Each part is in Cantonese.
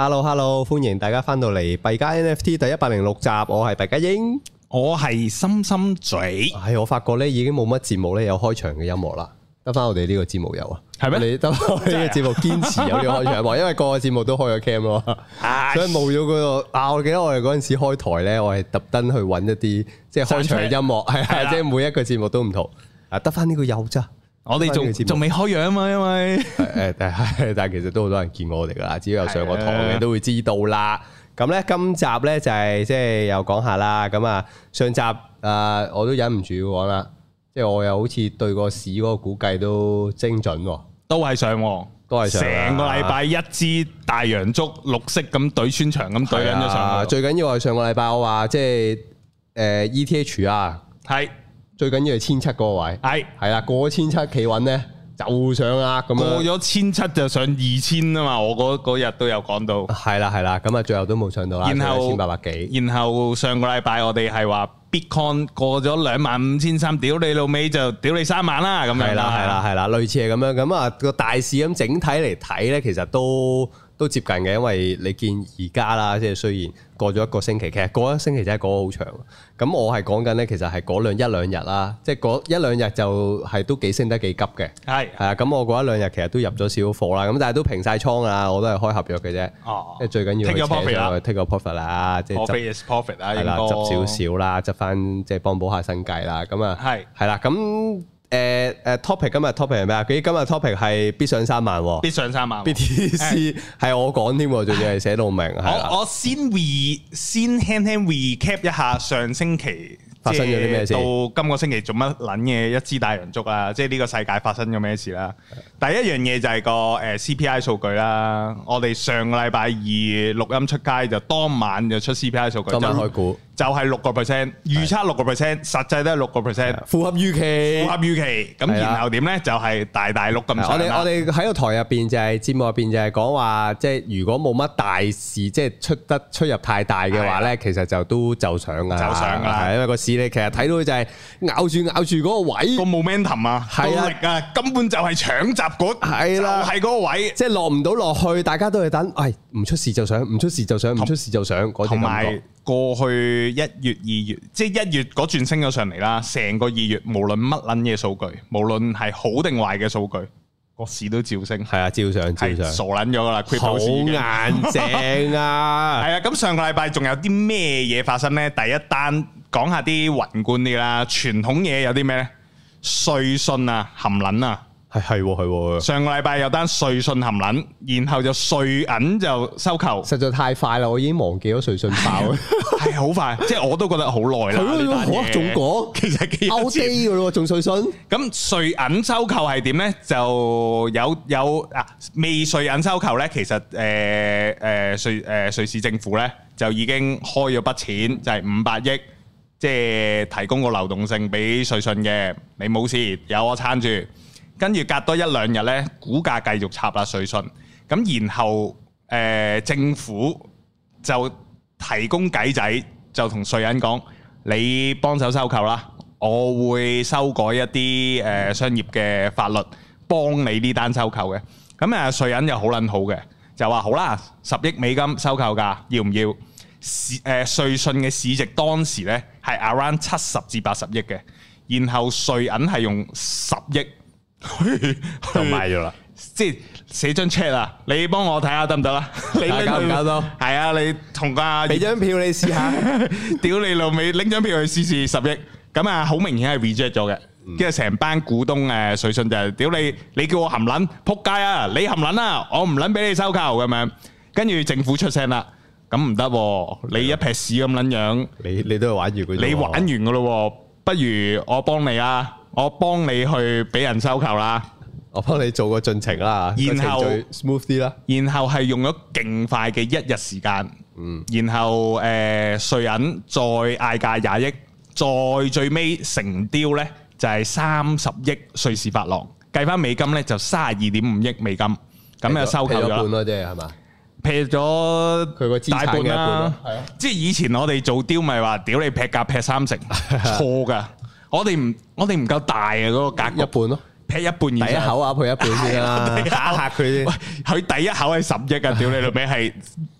hello hello 歡迎大家翻到嚟幣加 NFT 第一百零六集，我係幣加鷹，我係心心嘴，係、哎、我發覺咧已經冇乜節目咧有開場嘅音樂啦，得翻我哋呢個節目有啊，係咩嗎？你得呢個節目堅持有呢個開場音樂， 因為個個節目都開咗 cam 咯， 所以冇咗嗰個。啊，我記得我哋嗰陣時開台咧，我係特登去揾一啲即係開場嘅音樂，係場，即係 每一個節目都唔同啊，得翻呢個有啫。我哋仲仲未開樣啊嘛，因為誒， 但係其實都好多人見過我哋噶啦，只要有上過堂嘅的都會知道啦。咁咧今集咧就係即係又講下啦。咁啊上集誒、呃、我都忍唔住講啦，即、就、係、是、我又好似對個市嗰個估計都精準喎、啊，都係上喎、啊，都係上、啊。成個禮拜一支大洋足綠色咁懟穿牆咁懟緊咗上。的上最緊要係上個禮拜我話即係誒 ETH 啊，係的。最緊要係千七個位，係係啦，過千七企穩咧，就上啊，咁過咗千七就上二千啊嘛，我嗰日都有講到，係啦係啦，咁啊最後都冇上到啦，一千八百幾。然後上個禮拜我哋係話 Bitcoin 過咗兩萬五千三，屌你老尾就屌你三萬啦，咁樣係啦係啦係啦，類似係咁樣，咁啊個大市咁整體嚟睇咧，其實都，都接近嘅，因為你見而家啦，即係雖然過咗一個星期，其實嗰一星期真係過好長。咁我係講緊咧，其實係嗰兩一兩日啦，即係嗰一兩日就係都幾升得幾急嘅。係係的啊，咁我嗰一兩日其實都入咗少貨啦，咁但係都平晒倉啊，我都係開合約嘅啫。哦，即係最緊要去 take 個、嗯、profit 啦 take 個 profit 啦，即係執少少啦，執翻即係幫補下生計啦。咁啊係係啦，咁的。嗯。誒誒、uh,，topic 今日 topic 係咩啊？佢今日 topic 係必上三萬、哦，必上三萬、哦、，BTC 係、uh, 我講添，仲要係寫到明。Uh, 的我我先 re 先輕輕 recap 一下上星期發生咗啲咩事。到今個星期做乜撚嘅一支大洋燭啊！即係呢個世界發生咗咩事啦？第一樣嘢就係個誒 CPI 數據啦。我哋上個禮拜二錄音出街就當晚就出 CPI 數據，今晚開估。就係六個 percent，預測六個 percent，實際都係六個 percent，符合預期。符合預期咁，然後點咧？就係大大碌咁上。我哋我哋喺個台入邊就係節目入邊就係講話，即係如果冇乜大事，即係出得出入太大嘅話咧，其實就都就上噶。就上噶，係因為個市咧，其實睇到佢就係咬住咬住嗰個位，個 momentum 啊，動力啊，根本就係搶集股，係啦，喺嗰個位，即係落唔到落去，大家都係等，喂，唔出事就上，唔出事就上，唔出事就上嗰種感覺。過去一月、二月，即係一月嗰轉升咗上嚟啦。成個二月，無論乜撚嘢數據，無論係好定壞嘅數據，個市都照升。係啊，照上，照上，傻撚咗㗎啦。好硬正啊！係 啊，咁上個禮拜仲有啲咩嘢發生咧？第一單講下啲宏觀啲啦，傳統嘢有啲咩咧？瑞信啊，含撚啊。係係喎，係喎。上個禮拜有單瑞信冚卵，然後就瑞銀就收購，實在太快啦！我已經忘記咗瑞信爆，係好快，即係我都覺得好耐啦。係咯，好啊，仲過，其實幾 outdated 噶咯，仲瑞信。咁瑞銀收購係點咧？就有有啊，未瑞銀收購咧，其實誒誒瑞誒瑞士政府咧就已經開咗筆錢，就係五百億，即係提供個流動性俾瑞信嘅，你冇事，有我撐住。跟住隔多一兩日咧，股價繼續插啦瑞信。咁然後誒政府就提供計仔，就同瑞銀講：你幫手收購啦，我會修改一啲誒商業嘅法律，幫你呢單收購嘅。咁誒瑞銀又好撚好嘅，就話好啦，十億美金收購㗎，要唔要？市誒瑞信嘅市值當時咧係 around 七十至八十億嘅，然後瑞銀係用十億。就買咗啦，即係寫張 check 啊，你幫我睇下得唔得啦？你搞唔搞到，係啊，你同阿俾張票你試下，屌你老味，拎張票去試試十億，咁啊好明顯係 reject 咗嘅，跟住成班股東誒，水信就係屌你，你叫我含撚，撲街啊，你含撚啊，我唔撚俾你收購咁樣，跟住政府出聲啦，咁唔得，你一撇屎咁撚樣，你你都係玩住佢，你玩完噶咯，不如我幫你啊。我幫你去俾人收購啦，我幫你做個進程啦，然後 smooth 啲啦，然後係用咗勁快嘅一日時間，然後誒稅銀再嗌價廿億，再最尾成雕呢，就係三十億瑞士法郎，計翻美金呢，就三十二點五億美金，咁又收購咗半啫，係嘛，劈咗佢個資產一半啦，即係以前我哋做雕咪話屌你劈價劈三成，錯噶。我哋唔我哋唔夠大啊！嗰個價一半咯，劈一半二，第一口啊，劈一半先啦，打吓佢先。喂，佢第一口係十億噶，屌你老味係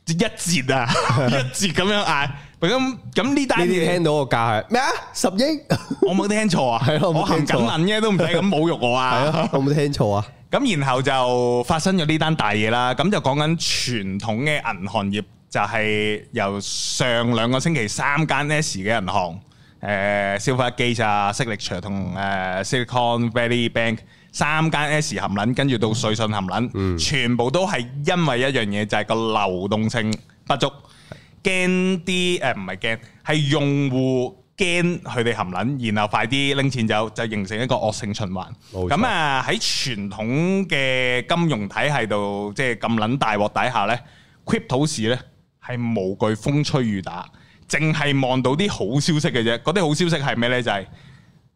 一折啊，一折咁樣嗌。咁咁呢單你聽到個價係咩啊？十億，我冇聽錯啊。我含緊問嘅，都唔使咁侮辱我啊。我冇聽錯啊。咁然後就發生咗呢單大嘢啦。咁就講緊傳統嘅銀行業，就係由上兩個星期三間 S 嘅銀行。誒 Silvergate、Signature 同誒 Silicon Valley Bank 三間 S 含撚，跟住到瑞信含撚，全部都係因為一樣嘢，就係個流動性不足，驚啲誒唔係驚，係用戶驚佢哋含撚，然後快啲拎錢走就形成一個惡性循環。咁啊喺傳統嘅金融體系度，即係咁撚大鑊底下咧，Crypto 市咧係無懼風吹雨打。淨係望到啲好消息嘅啫，嗰啲好消息係咩呢？就係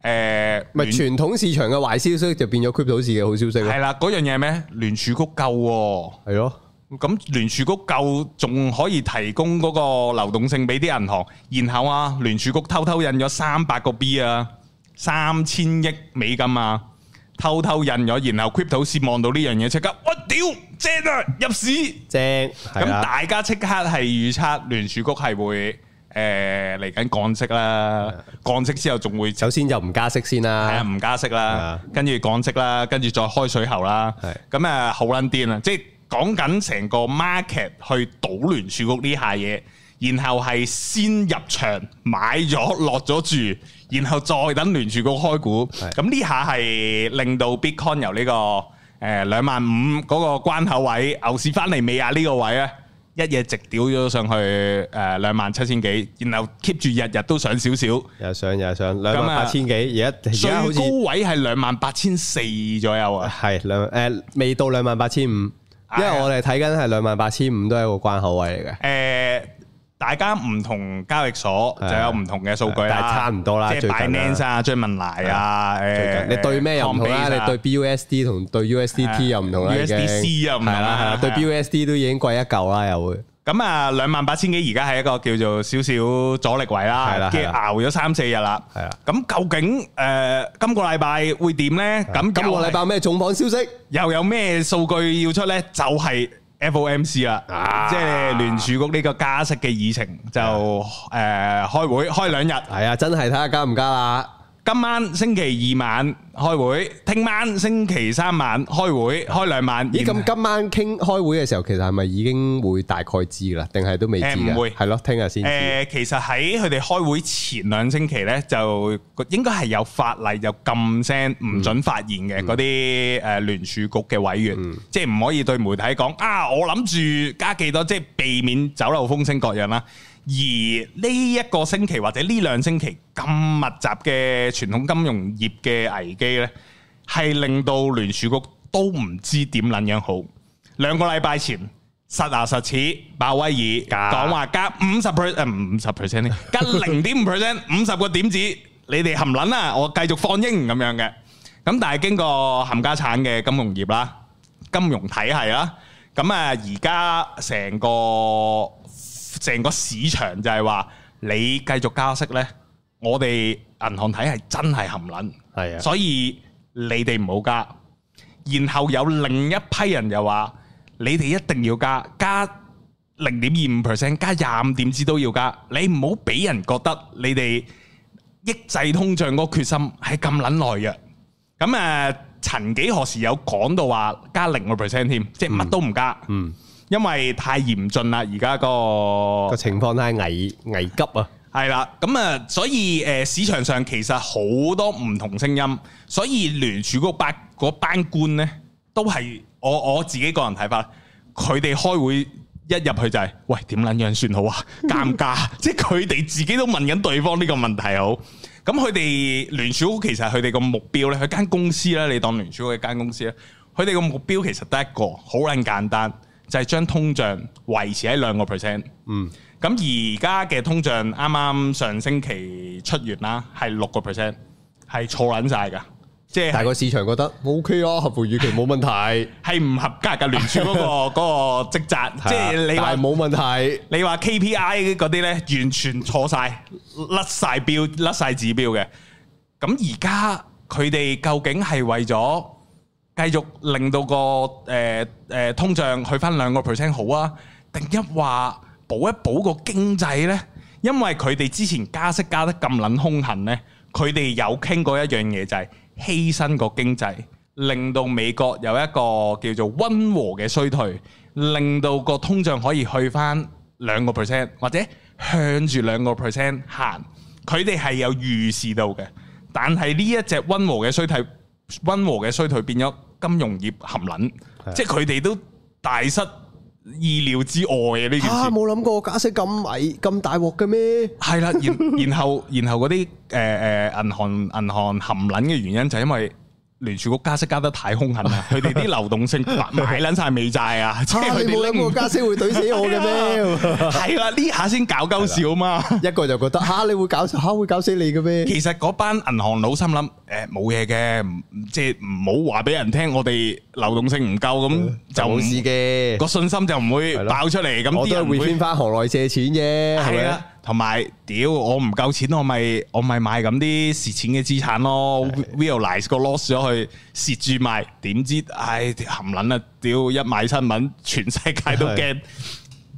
誒，咪傳統市場嘅壞消息就變咗 crypto 市嘅好消息。係啦，嗰樣嘢咩？聯儲局救，係咯，咁聯儲局救仲可以提供嗰個流動性俾啲銀行，然後啊，聯儲局偷偷印咗三百個 B 啊，三千億美金啊，偷偷印咗，然後 crypto 市望到呢樣嘢，即刻，我屌正啊，入市正，咁大家即刻係預測聯儲局係會。誒嚟緊降息啦，降息之後仲會首先就唔加息先啦，係啊唔加息啦，跟住降息啦，跟住再開水喉啦，係咁啊，好撚癲啊！即係講緊成個 market 去賭聯儲局呢下嘢，然後係先入場買咗落咗住，然後再等聯儲局開估，咁呢下係令到 Bitcoin 由呢個誒兩萬五嗰個關口位牛市翻嚟未啊？呢個位啊！一夜直屌咗上去，誒兩萬七千幾，然後 keep 住日日都上少少，又上又上兩萬八千幾，而家而家好似高位係兩萬八千四左右啊，係兩誒未到兩萬八千五，因為我哋睇緊係兩萬八千五都係一個關口位嚟嘅，誒、呃。大家唔同交易所就有唔同嘅數據，但係差唔多啦。即係 Binance 啊、Jumanay 啊，誒，你對咩又唔同啦？你對 BUSD 同對 USDT 又唔同啦。USDC 又唔同啦。對 BUSD 都已經貴一嚿啦，又會。咁啊，兩萬八千幾，而家係一個叫做少少阻力位啦，跟住熬咗三四日啦。係啊。咁究竟誒，今個禮拜會點咧？咁今個禮拜咩重磅消息？又有咩數據要出咧？就係。FOMC 啊，即係聯儲局呢個加息嘅議程就誒、呃、開會開兩日，係啊，真係睇下加唔加啦。今晚星期二晚開會，聽晚星期三晚開會，開兩晚。咦？咁今晚傾開會嘅時候，其實係咪已經會大概知啦？定係都未知？誒唔會，係咯，聽日先。誒，其實喺佢哋開會前兩星期咧，就應該係有法例就禁聲，唔准發言嘅嗰啲誒聯儲局嘅委員，即係唔可以對媒體講啊。我諗住加幾多，即係避免走漏風聲各樣啦。而呢一個星期或者呢兩星期咁密集嘅傳統金融業嘅危機呢，係令到聯儲局都唔知點撚樣好。兩個禮拜前實牙實齒，鮑威爾講話加五十 percent 誒五十 percent，加零點五 percent，五十個點子，你哋含撚啊！我繼續放鷹咁樣嘅。咁但係經過冚家產嘅金融業啦、金融體系啦，咁啊而家成個，成個市場就係話你繼續加息呢，我哋銀行體系真係含撚，的所以你哋唔好加。然後有另一批人又話，你哋一定要加，加零點二五 percent，加廿五點之都要加。你唔好俾人覺得你哋抑制通脹嗰決心係咁撚耐嘅。咁誒，曾、呃、幾何時有講到話加零個 percent 添，即係乜都唔加嗯。嗯。因為太嚴峻啦，而家、那個個情況太危危急啊！係啦，咁啊，所以誒、呃，市場上其實好多唔同聲音，所以聯儲局班嗰班官呢，都係我我自己個人睇法，佢哋開會一入去就係、是，喂，點捻樣算好啊？尷尬，即係佢哋自己都問緊對方呢個問題。好，咁佢哋聯儲局其實佢哋個目標呢，佢間公司呢，你當聯儲局一間公司呢，佢哋個目標其實得一個，好捻簡單。就係將通脹維持喺兩個 percent，嗯，咁而家嘅通脹啱啱上星期出完啦，係六個 percent，係錯撚晒噶，即係大個市場覺得 O、okay、K 啊，合乎預期冇問題，係唔 合格嘅聯儲嗰、那個嗰 個職責，即係 你話冇問題，你話 K P I 嗰啲咧完全錯晒，甩晒標，甩晒指標嘅，咁而家佢哋究竟係為咗？繼續令到個誒誒通脹去翻兩個 percent 好啊？定一話補一補個經濟咧？因為佢哋之前加息加得咁撚兇狠咧，佢哋有傾過一樣嘢就係犧牲個經濟，令到美國有一個叫做溫和嘅衰退，令到個通脹可以去翻兩個 percent 或者向住兩個 percent 行。佢哋係有預示到嘅，但係呢一隻溫和嘅衰退，溫和嘅衰退變咗。金融業冚撚，是的 即係佢哋都大失意料之外啊！呢件事冇諗過，假使咁矮咁大鑊嘅咩？係啦， 然後然後然後嗰啲誒誒銀行銀行冚撚嘅原因就係因為。聯儲局加息加得太凶狠啦，佢哋啲流動性俾捻晒美債啊，即係佢冇諗過加息會懟死我嘅咩？係啦，呢下先搞鳩笑啊嘛！一個就覺得吓，你會搞吓，會搞死你嘅咩？其實嗰班銀行佬心諗誒，冇嘢嘅，即係唔好話俾人聽，我哋流動性唔夠咁就冇事嘅，個信心就唔會爆出嚟咁，啲人會先翻行內借錢啫？係咪。同埋，屌我唔夠錢，我咪我咪買咁啲蝕錢嘅資產咯，realise 個 loss 咗去蝕住賣，點知唉含撚啦，屌一買新聞，全世界都驚。咁的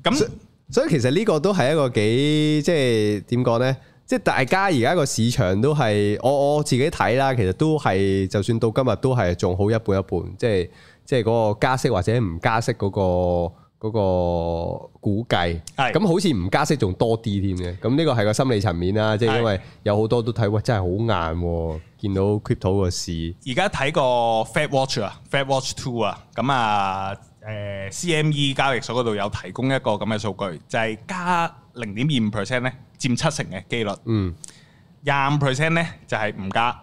那所，所以其實呢個都係一個幾即係點講咧？即係大家而家個市場都係我我自己睇啦，其實都係就算到今日都係仲好一半一半，即係即係嗰個加息或者唔加息嗰個。嗰個估計，咁好似唔加息仲多啲添嘅，咁呢個係個心理層面啦，即係因為有好多都睇，哇！真係好硬，見到 crypto 個市。而家睇個 Fed Watch 啊，Fed Watch Two 啊，咁啊，誒 CME 交易所嗰度有提供一個咁嘅數據，就係加零點二五 percent 咧，佔七成嘅機率，嗯，廿五 percent 咧就係唔加，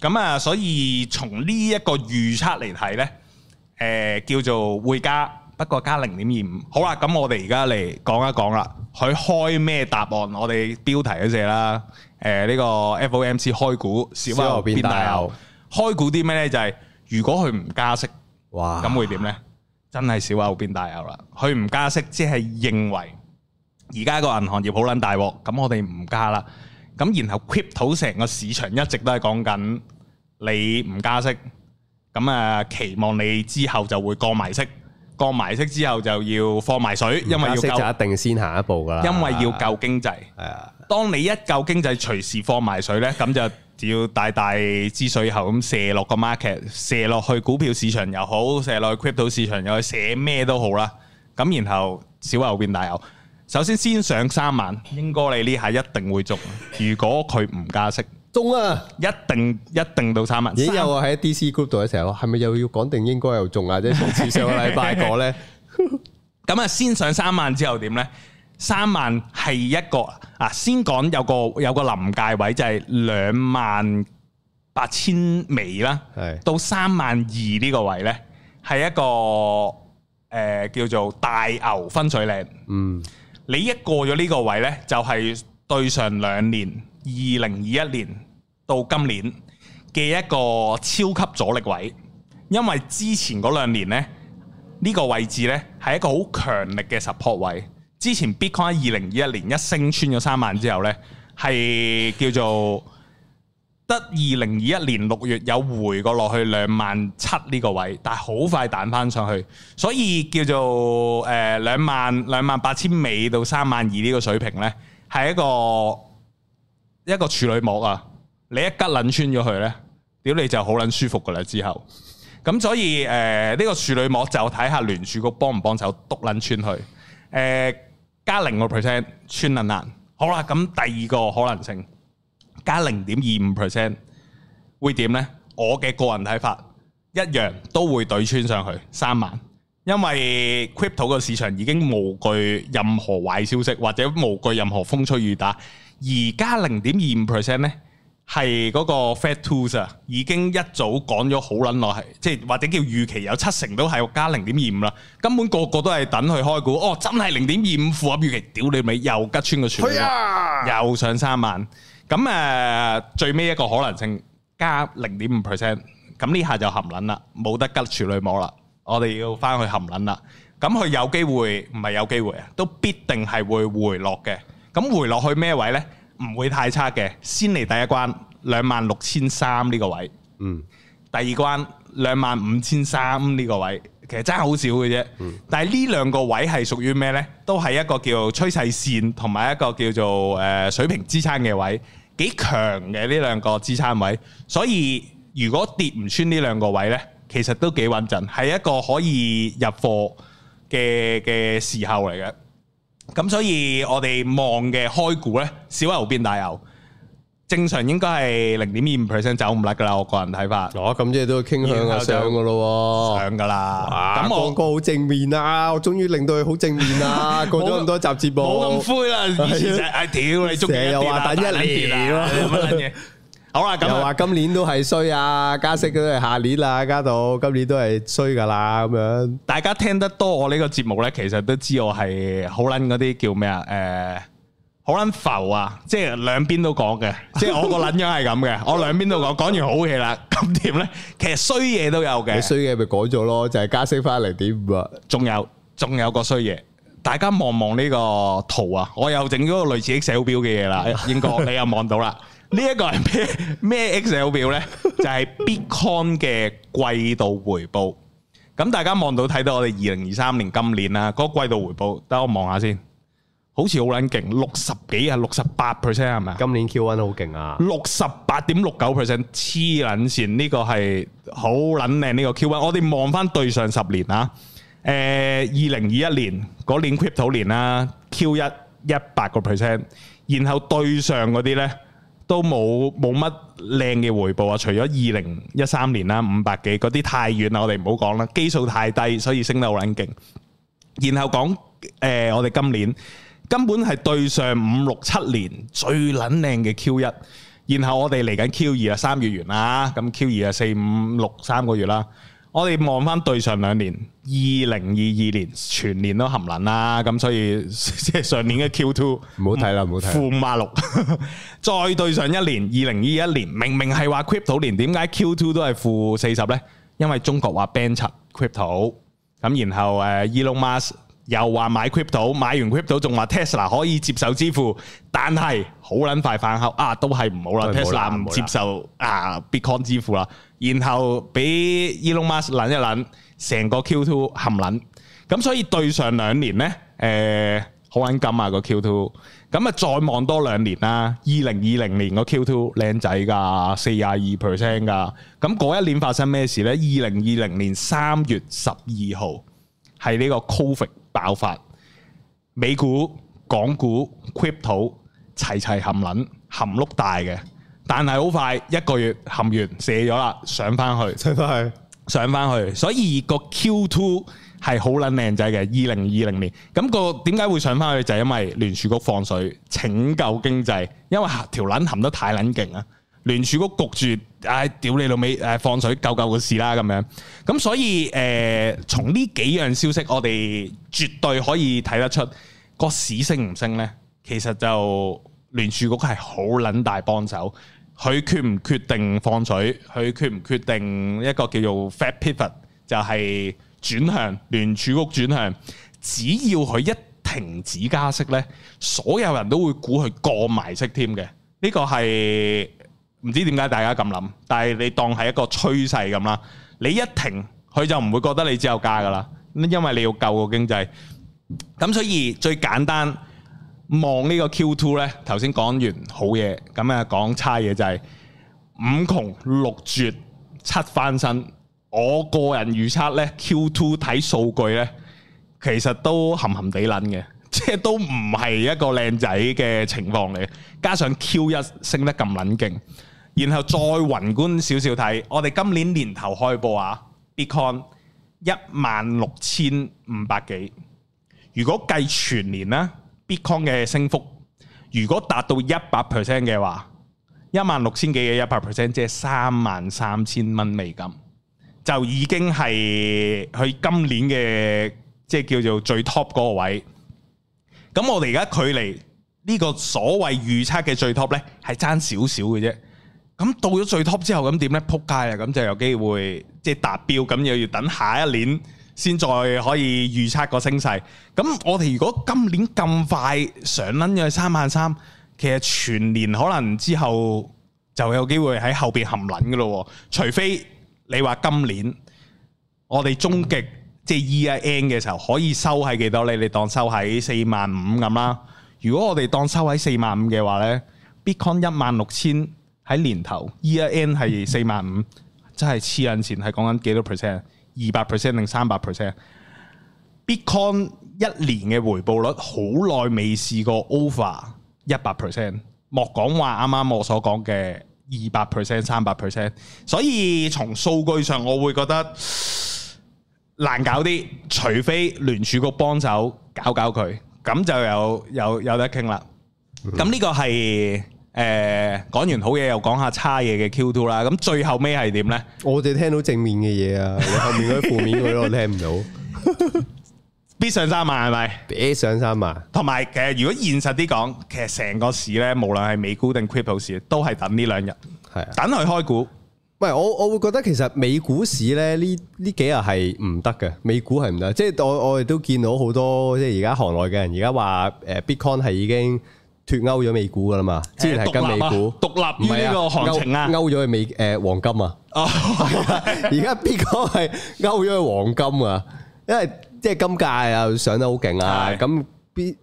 咁啊，所以從呢一個預測嚟睇咧，誒叫做會加。不過加零點二五，好啦，咁我哋而家嚟講一講啦。佢開咩答案？我哋標題嗰隻啦，誒呢個 FOMC 開估，小牛變大牛。開估啲咩呢？就係如果佢唔加息，哇，咁會點呢？真係小牛變大牛啦！佢唔加息，即係認為而家個銀行業好撚大鑊，咁我哋唔加啦。咁然後 keep 到成個市場一直都係講緊，你唔加息，咁啊期望你之後就會降埋息。降埋息之後就要放埋水，因為要加息就一定先下一步噶啦。因為要救經濟，係啊。當你一救經濟，隨時放埋水咧，咁就要大大支水喉咁射落個 market，射落去股票市場又好，射落去 crypto 市場又好，射咩都好啦。咁然後小牛變大牛，首先先上三萬，英哥你呢下一定會中。如果佢唔加息。啊！一定一定到三萬。而有、欸、我喺 D C Group 度嘅時候，係咪又要講定應該又中啊？即係上次上個禮拜過呢 呢個咧，咁啊，先上三萬之後點咧？三萬係一個啊，先講有個有個臨界位就係兩萬八千尾啦，係到三萬二呢個位咧，係一個誒叫做大牛分水嶺。嗯，你一過咗呢個位咧，就係、是、對上兩年二零二一年。到今年嘅一個超級阻力位，因為之前嗰兩年呢，呢、呢個位置呢係一個好強力嘅 support 位。之前 Bitcoin 二零二一年一升穿咗三萬之後呢，係叫做得二零二一年六月有回過落去兩萬七呢個位，但係好快彈翻上去，所以叫做誒兩、呃、萬兩萬八千尾到三萬二呢個水平呢，係一個一個處女膜啊！你一吉捻穿咗佢呢屌你就好捻舒服噶啦！之後咁所以誒呢、呃這個處女膜就睇下聯儲局幫唔幫手督捻穿去誒、呃，加零個 percent 穿捻難。好啦，咁第二個可能性加零點二五 percent 會點呢？我嘅個人睇法一樣都會對穿上去三萬，因為 Crypto 個市場已經無懼任何壞消息或者無懼任何風吹雨打。而加零點二五 percent 咧？呢係嗰個 Fed Tools 啊，已經一早講咗好撚耐，即係或者叫預期有七成都係加零點二五啦。根本個個都係等佢開估，哦，真係零點二五符合預期，屌你咪又吉穿個柱嚟啦，又上三萬。咁誒，最尾一個可能性加零點五 percent，咁呢下就含撚啦，冇得吉處女膜啦，我哋要翻去含撚啦。咁佢有機會唔係有機會啊，都必定係會回落嘅。咁回落去咩位咧？唔會太差嘅，先嚟第一關兩萬六千三呢個位，嗯，第二關兩萬五千三呢個位，其實真係好少嘅啫，嗯，但係呢兩個位係屬於咩呢？都係一個叫趨勢線同埋一個叫做誒水平支撐嘅位，幾強嘅呢兩個支撐位，所以如果跌唔穿呢兩個位呢，其實都幾穩陣，係一個可以入貨嘅嘅時候嚟嘅。咁所以我哋望嘅開估咧，小牛變大牛，正常應該係零點二五 percent 走唔甩噶啦。我個人睇法。哦，咁即係都傾向向上噶咯喎。上噶啦。咁個個好正面啊！我終於令到佢好正面啊！過咗咁多集節目，冇咁灰啦。以前就係屌你中幾多跌啊！大利跌啊！乜撚嘢？好啦，咁又話今年都係衰啊，加息都係下年，、啊、年啦，加到今年都係衰噶啦咁樣。大家聽得多我個節呢個節目咧，其實都知我係好捻嗰啲叫咩啊？誒、呃，好捻浮啊！即係兩邊都講嘅， 即係我個捻樣係咁嘅，我兩邊都講，講 完好嘢啦，咁點咧？其實衰嘢都有嘅，衰嘢咪改咗咯，就係加息翻嚟零點五啊，仲有仲有個衰嘢。大家望望呢個圖啊，我又整咗個類似 Excel 表嘅嘢啦， 英國你又望到啦？這個、呢一個係咩咩 Excel 表咧？就係、是、Bitcoin 嘅季度回報。咁大家望到睇到我哋二零二三年今年啦，嗰、那個、季度回報，等我望下先。好似好撚勁，六十幾啊，六十八 percent 係咪今年 Q1 好勁啊，六十八點六九 percent，黐撚線呢個係好撚靚呢個 Q1。我哋望翻對上十年啊。誒，二零二一年嗰年 crypto 年啦，Q 一一百個 percent，然後對上嗰啲呢都冇冇乜靚嘅回報啊！除咗二零一三年啦，五百幾嗰啲太遠啦，我哋唔好講啦，基數太低，所以升得好撚勁。然後講誒，我哋今年根本係對上五六七年最撚靚嘅 Q 一，然後我哋嚟緊 Q 二啊，三月完啦，咁 Q 二啊四五六三個月啦。我哋望翻對上兩年，二零二二年全年都含撚啦，咁所以即係 上年嘅 Q2，唔好睇啦，唔好睇，負萬六。 再對上一年，二零二一年明明係話 crypto 年，點解 Q2 都係負四十咧？因為中國話 ban 出 crypto，咁然後誒 Elon Musk 又話買 crypto，買完 crypto 仲話 Tesla 可以接受支付，但係好撚快飯後啊，都係唔好啦。Tesla 唔接受了啊 Bitcoin 支付啦，然後俾 Elon Musk 諗一諗，成個 Q2 含撚，咁所以對上兩年呢，誒好撚金啊個 Q2，咁啊再望多兩年啦，二零二零年個 Q2 靚仔噶，四廿二 percent 噶，咁嗰一年發生咩事呢？二零二零年三月十二號係呢個 COVID。爆發，美股、港股、crypto 齊齊含撚含碌大嘅，但係好快一個月含完，卸咗啦，上翻去，上翻去，上翻去，所以個 Q two 係好撚靚仔嘅，二零二零年，咁、個點解會上翻去就係、是、因為聯儲局放水拯救經濟，因為條撚含得太撚勁啊！.聯儲局焗住，誒、哎，屌你老味，誒、啊，放水救救個市啦，咁樣。咁所以，誒、呃，從呢幾樣消息，我哋絕對可以睇得出，個市升唔升呢。其實就聯儲局係好撚大幫手，佢決唔決定放水，佢決唔決定一個叫做 fat pivot，就係轉向聯儲局轉向。只要佢一停止加息呢，所有人都會估佢降埋息添嘅。呢，這個係。唔知點解大家咁諗，但係你當係一個趨勢咁啦。你一停，佢就唔會覺得你只有加噶啦，因為你要救個經濟。咁所以最簡單望呢個 Q2 呢，頭先講完好嘢，咁啊講差嘢就係五窮六絕七翻身。我個人預測呢 Q2 睇數據呢，其實都含含地捻嘅，即係都唔係一個靚仔嘅情況嚟。加上 Q 一升得咁冷靜。然後再宏觀少少睇，我哋今年年頭開播啊，Bitcoin 一萬六千五百幾。如果計全年咧，Bitcoin 嘅升幅如果達到一百 percent 嘅話，一萬六千幾嘅一百 percent 即係三萬三千蚊美金，就已經係佢今年嘅即係叫做最 top 嗰個位。咁我哋而家距離呢個所謂預測嘅最 top 呢，係爭少少嘅啫。咁到咗最 top 之後，咁點咧？扑街啊！咁就有機會即係達標，咁又要等下一年先再可以預測個升勢。咁我哋如果今年咁快上捻咗三萬三，其實全年可能之後就有機會喺後邊含捻噶咯。除非你話今年我哋終極即係 year end 嘅時候可以收喺幾多咧？你當收喺四萬五咁啦。如果我哋當收喺四萬五嘅話咧，Bitcoin 一萬六千。喺年頭 EAN 係四萬五，45，真係黐印前係講緊幾多 percent？二百 percent 定三百 percent？Bitcoin 一年嘅回報率好耐未試過 over 一百 percent，莫講話啱啱我所講嘅二百 percent、三百 percent。所以從數據上，我會覺得難搞啲，除非聯儲局幫手搞搞佢，咁就有有有得傾啦。咁呢個係。誒，講完好嘢又講下差嘢嘅 Q2 啦，咁最後尾係點咧？我哋聽到正面嘅嘢啊，後面嗰啲負面嗰啲我聽唔到。必上三萬係咪？必上三萬。同埋其實如果現實啲講，其實成個市咧，無論係美股定 Crypto 市，都係等呢兩日，係等佢開股。喂我我會覺得其實美股市咧呢呢幾日係唔得嘅，美股係唔得，即係我我哋都見到好多即係而家行內嘅人而家話誒 Bitcoin 係已經。脫歐咗美股噶啦嘛。之前係跟美股獨立於呢個行情啊，歐咗去美誒、呃、黃金啊，哦、啊，而家 bitcoin 係歐咗去黃金啊，因為即係金價又上得好勁啊，咁的 b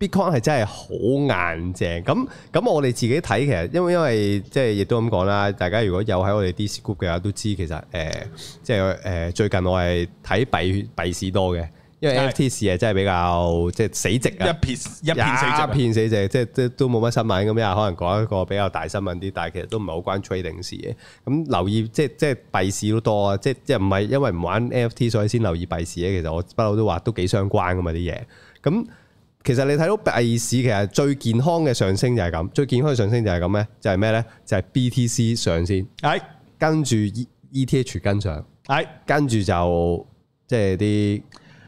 bitcoin 係真係好硬淨，咁咁我哋自己睇其實因，因為因為即係亦都咁講啦，大家如果有喺我哋 Discord Group 嘅話都知，其實誒、呃、即係誒、呃、最近我係睇幣幣市多嘅。因為 NFT 市係真係比較即係死寂啊，一片一片死寂，一片死寂，死即係都都冇乜新聞咁樣。可能講一個比較大新聞啲，但係其實都唔係好關 trading 事嘅。咁留意即係即係幣市都多啊，即係即係唔係因為唔玩 NFT 所以先留意幣市咧。其實我不嬲都話都幾相關噶嘛啲嘢。咁其實你睇到幣市其實最健康嘅上升就係咁，最健康嘅上升就係咁咧，就係咩咧？就係、是、BTC 上先，係是跟住 ETH 跟上，係是跟住就即係啲。就是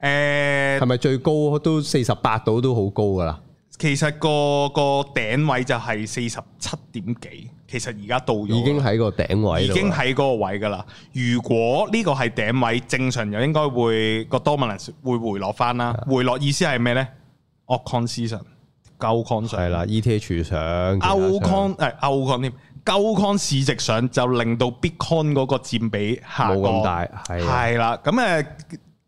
誒，係咪最高都四十八度都好高噶啦？其實個個頂位就係四十七點幾，其實而家到已經喺個頂位，位，已經喺嗰個位噶啦。如果呢個係頂位，正常又應該會個 dominance 會回落翻啦。是的 回落意思係咩咧？O 康 o n s e i o n 歐康上係啦，ETH 上 o 歐康誒，歐康添，o n 市值上就令到 bitcoin 嗰個佔比下降，冇咁大係係啦。咁誒。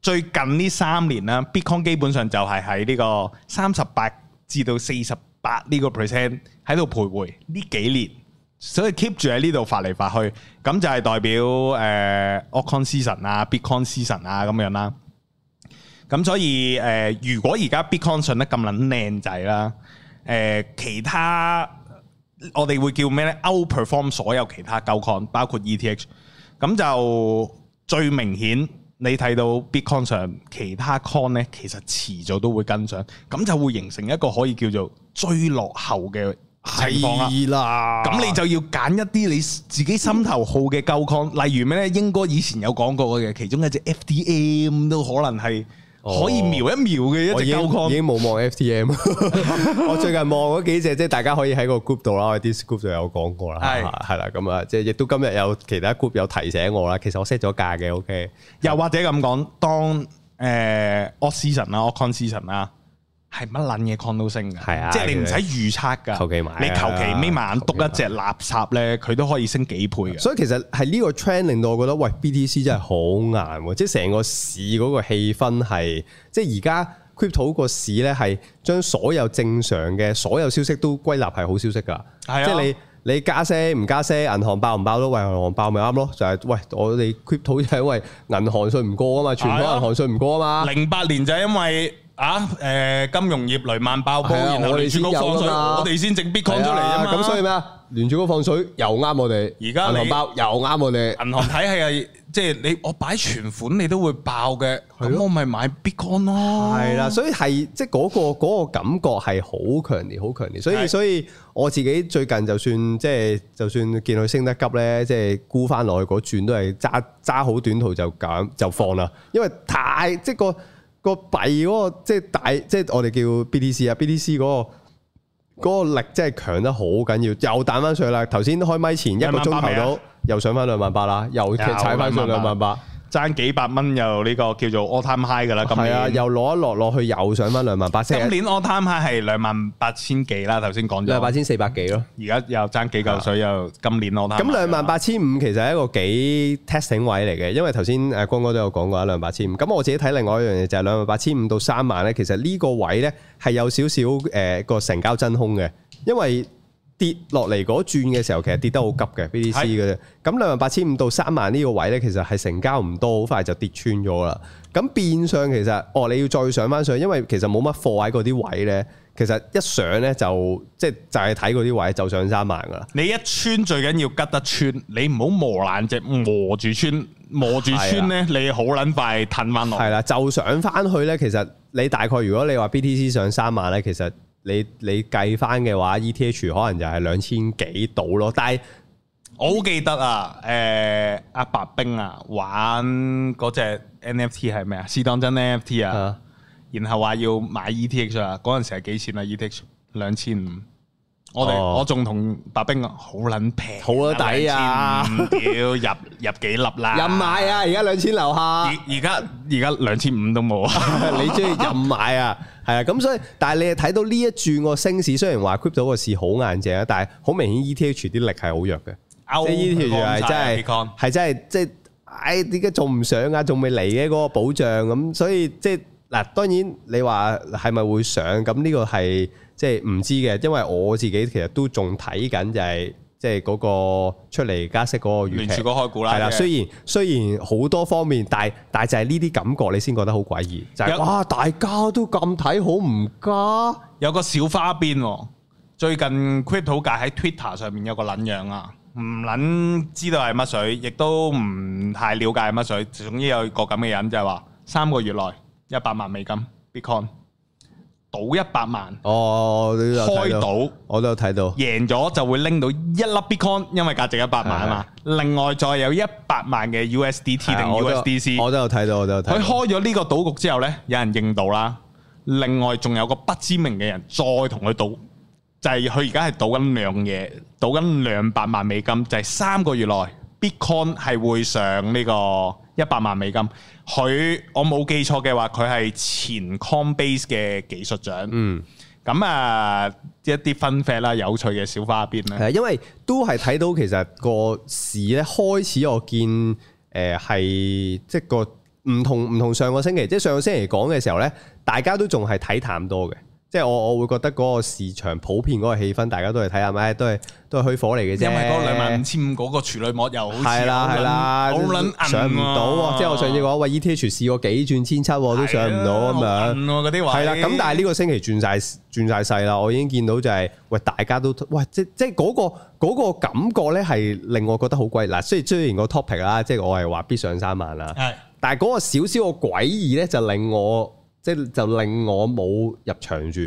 最近呢三年啦，Bitcoin 基本上就係喺呢個三十八至到四十八呢個 percent 喺度徘徊呢幾年，所以 keep 住喺呢度發嚟發去，咁就係代表誒 altcoin season 啊 Bitcoin season 啊咁樣啦、啊。咁所以誒、呃，如果而家 Bitcoin 上得咁撚靚仔啦，誒、呃、其他我哋會叫咩咧 outperform 所有其他舊 coin 包括 ETH，咁就最明顯。你睇到 Bitcoin 上其他 coin 咧，其實遲早都會跟上，咁就會形成一個可以叫做追落後嘅情況啦。咁你就要揀一啲你自己心頭好嘅舊 coin，例如咩咧？鷹哥以前有講過嘅，其中一隻 FDM 都可能係。可以瞄一瞄嘅一隻已經冇望 FTM，我最近望嗰幾隻，即係大家可以喺個 group 度啦，我啲 group 就有講過啦。係係啦，咁啊，即係亦都今日有其他 group 有提醒我啦。其實我 set 咗價嘅，OK 的。又或者咁講，當誒 option 啊 option 啦。呃 off season, off 係乜撚嘢抗到 n 升嘅？係啊的，即係你唔使預測噶，買你求其眯晚眼一隻垃圾咧，佢都可以升幾倍嘅。所以其實係呢個 trend 令到我覺得，喂 BTC 真係好硬喎！即係成個市嗰個氣氛係，即係而家 c r y p t o c 個市咧，係將所有正常嘅所有消息都歸納係好消息㗎。係啊的，即係你你加息唔加息，銀行爆唔爆都，喂銀行爆咪啱咯，就係、是、喂我哋 c r y p t o 就 u 因為銀行信唔過啊嘛，全部銀行信唔過啊嘛。零八年就係因為。啊！誒、呃，金融業雷曼爆煲，啊、然後聯儲局放水，我哋先整 Bitcoin 出嚟啊，咁所以咩啊？聯儲局放水又啱我哋，而家銀行爆又啱我哋。銀行體系係即係你我擺存款，你都會爆嘅，咁我咪買 Bitcoin 咯。係啦，所以係即係嗰個感覺係好強烈，好強烈。所以、所以我自己最近就算即係就算見佢升得急咧，即係沽翻落去嗰轉都係揸揸好短途就減就放啦，因為太即係、就係嗰個個幣嗰個即係大，即係我哋叫 B T C 啊，B T C 嗰個嗰個力真係強得好緊要，又彈翻上啦！頭先開麥前一個鐘頭到，又上翻兩萬八啦，又踩翻上兩萬八。賺幾百蚊又呢個叫做 all time high 噶啦，咁係啊，又攞一落落去又上翻兩萬八千。今年 all time high 係兩萬八千幾啦，頭先講咗。兩萬八千四百幾咯，而家又爭幾嚿水又今年 all time high 咁兩萬八千五其實係一個幾 testing 位嚟嘅，因為頭先阿光哥都有講過兩萬八千五。咁我自己睇另外一樣嘢就係兩萬八千五到三萬咧，其實呢個位咧係有少少誒個成交真空嘅，因為。跌落嚟嗰轉嘅時候，其實跌得好急嘅，B T C 嘅啫。咁兩萬八千五到三萬呢個位咧，其實係成交唔多，好快就跌穿咗啦。咁變相，其實，哦，你要再上翻上，因為其實冇乜貨喺嗰啲位咧。其實一上咧就，即係就係睇嗰啲位就上三萬噶啦。你一穿最緊要吉得穿，你唔好磨爛只磨住穿，磨住穿咧，你好捻快褪翻落。係啦的，就上翻去咧。其實你大概如果你話 B T C 上三萬咧，其實。你你計翻嘅話，ETH 可能就係兩千幾度咯。但係我好記得啊，誒阿白冰啊，玩嗰隻 NFT 係咩啊？是當真 NFT 啊？然後話要買 ETH 啊，嗰陣時係幾錢啊？ETH 兩千五。我哋、哦、我仲同白兵啊，好撚平，好啊，抵啊，屌入入幾粒啦，任 買啊！而家兩千樓下，而家而家兩千五都冇啊！你中意任買啊？係 啊，咁所以，但係你又睇到呢一轉個升市，雖然話 crypto，個市好硬淨啊，但係好明顯 ETH 啲力係好弱嘅，oh，即 ETH 條係真係係真係即係唉點解做唔上啊？仲未嚟嘅嗰個保障咁，所以即係嗱，當然你話係咪會上咁，呢個係？即係唔知嘅，因為我自己其實都仲睇緊就係即係嗰個出嚟加息嗰個預期，係啦。的雖然雖然好多方面，但係但係就係呢啲感覺，你先覺得好詭異，就係、是、有哇大家都咁睇好唔加，有個小花邊喎。最近 Crypto 界喺 Twitter 上面有個撚樣啊，唔撚知道係乜水，亦都唔太了解係乜水。總之有個咁嘅人就係、是、話三個月內一百萬美金 Bitcoin。賭一百萬，哦，開賭，我都有睇到，贏咗就會拎到一粒 bitcoin，因為價值一百萬啊嘛。另外再有一百萬嘅 USDT 定 USDC，我都有睇到，我都有睇到。佢開咗呢個賭局之後呢，有人認到啦。另外仲有個不知名嘅人再同佢賭，就係佢而家係賭緊兩嘢，賭緊兩百萬美金，就係三個月內 bitcoin 係會上呢個一百萬美金。佢，我冇記錯嘅話，佢係前 Coinbase 嘅技術長。嗯，咁啊一啲分發啦，有趣嘅小花邊咧。係，因為都係睇到其實個市咧開始，我見誒係、呃、即個唔同唔同上個星期，即上個星期講嘅時候咧，大家都仲係睇淡多嘅。即係我，我會覺得嗰個市場普遍嗰個氣氛，大家都嚟睇下，咩、哎，都係都係虛火嚟嘅啫。因為嗰兩萬五千五嗰個處女膜又好似好卵上唔到，啊啊、即係我上次講喂 ETH 試過幾轉千七都上唔到咁樣。係啦、啊，咁但係呢個星期轉晒轉晒細啦，我已經見到就係、是、喂，大家都喂即即嗰、那個、那個感覺咧，係令我覺得好貴。嗱，雖然雖然個 topic 啦，即係我係話必上三萬啦，的但係嗰個少少個詭異咧，就令我。即就令我冇入場住，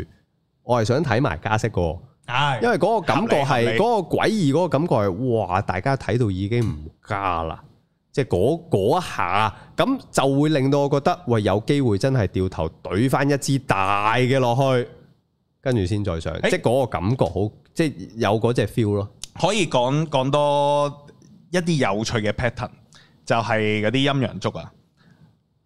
我係想睇埋加息個，哎、因為嗰個感覺係嗰個詭異嗰個感覺係，哇！大家睇到已經唔加啦，即嗰嗰一下，咁就會令到我覺得，喂，有機會真係掉頭懟翻一支大嘅落去，跟住先再上，哎、即嗰個感覺好，即有嗰隻 feel 咯。可以講講多一啲有趣嘅 pattern，就係嗰啲陰陽燭啊，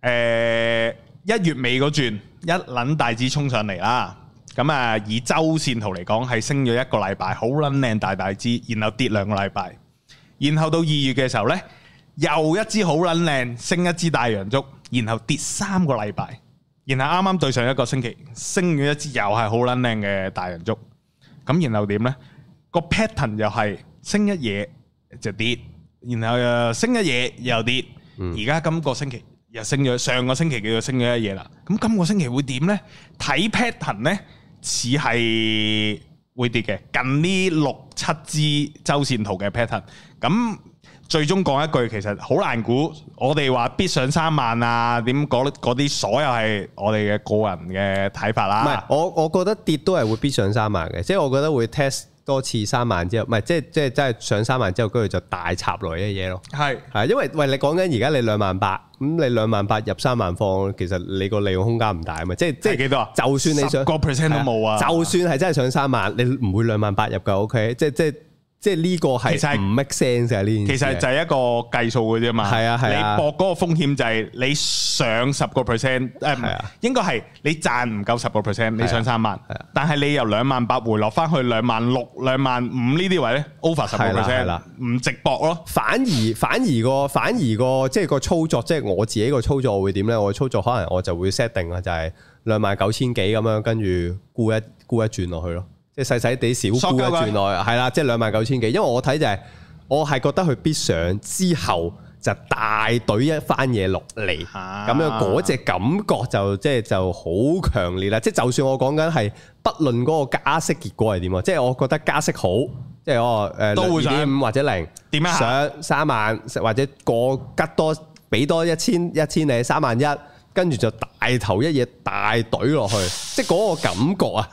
誒、欸。一月尾嗰轉一撚大支衝上嚟啦，咁啊以周線圖嚟講係升咗一個禮拜，好撚靚大大支，然後跌兩個禮拜，然後到二月嘅時候呢，又一支好撚靚升一支大陽燭，然後跌三個禮拜，然後啱啱對上一個星期升咗一支又係好撚靚嘅大陽燭，咁然後點呢？個 pattern 又係升一嘢就跌，然後又升一嘢又跌，而家今個星期。又升咗，上個星期幾就升咗一嘢啦。咁今個星期會點呢？睇 pattern 呢，似係會跌嘅。近呢六七支周線圖嘅 pattern，咁最終講一句，其實好難估。我哋話必上三萬啊，點講嗰啲所有係我哋嘅個人嘅睇法啦、啊。唔係，我我覺得跌都係會必上三萬嘅，即係我覺得會 test。多次三萬之後，唔係即係即係真係上三萬之後，跟住就大插落嘅嘢咯。係係是，因為喂，你講緊而家你兩萬八，咁你兩萬八入三萬放，其實你個利用空間唔大啊嘛。即係即係幾多啊，啊？就算你想個 percent 都冇啊！就算係真係上三萬，你唔會兩萬八入㗎。O、okay? K，即即。即係呢個係唔 make sense 啊！呢其實就係一個計數嘅啫嘛。係啊係啊，你博嗰個風險就係你上十個 percent，誒應該係你賺唔夠十個 percent，你上三萬。但係你由兩萬八回落翻去兩萬六、兩萬五呢啲位咧，over 十個 percent，唔直博咯係啊係啊反。反而、嗰個、反而、嗰個反而個即係個操作，即、就、係、是、我自己個操作會點咧？我操作可能我就會 set 定啊，就係兩萬九千幾咁樣，跟住沽一沽一轉落去咯。細細地小股啊，轉耐係啦，即係兩萬九千幾。因為我睇就係、是，我係覺得佢必上之後就大隊一翻嘢落嚟，咁、啊、樣嗰隻感覺就即係就好強烈啦。即、就、係、是、就算我講緊係不論嗰個加息結果係點啊，即、就、係、是、我覺得加息好，即係我誒二點五或者零點上三萬，或者過吉多俾多一千一千零三萬一，跟住就大頭一嘢大隊落去，即係嗰個感覺啊！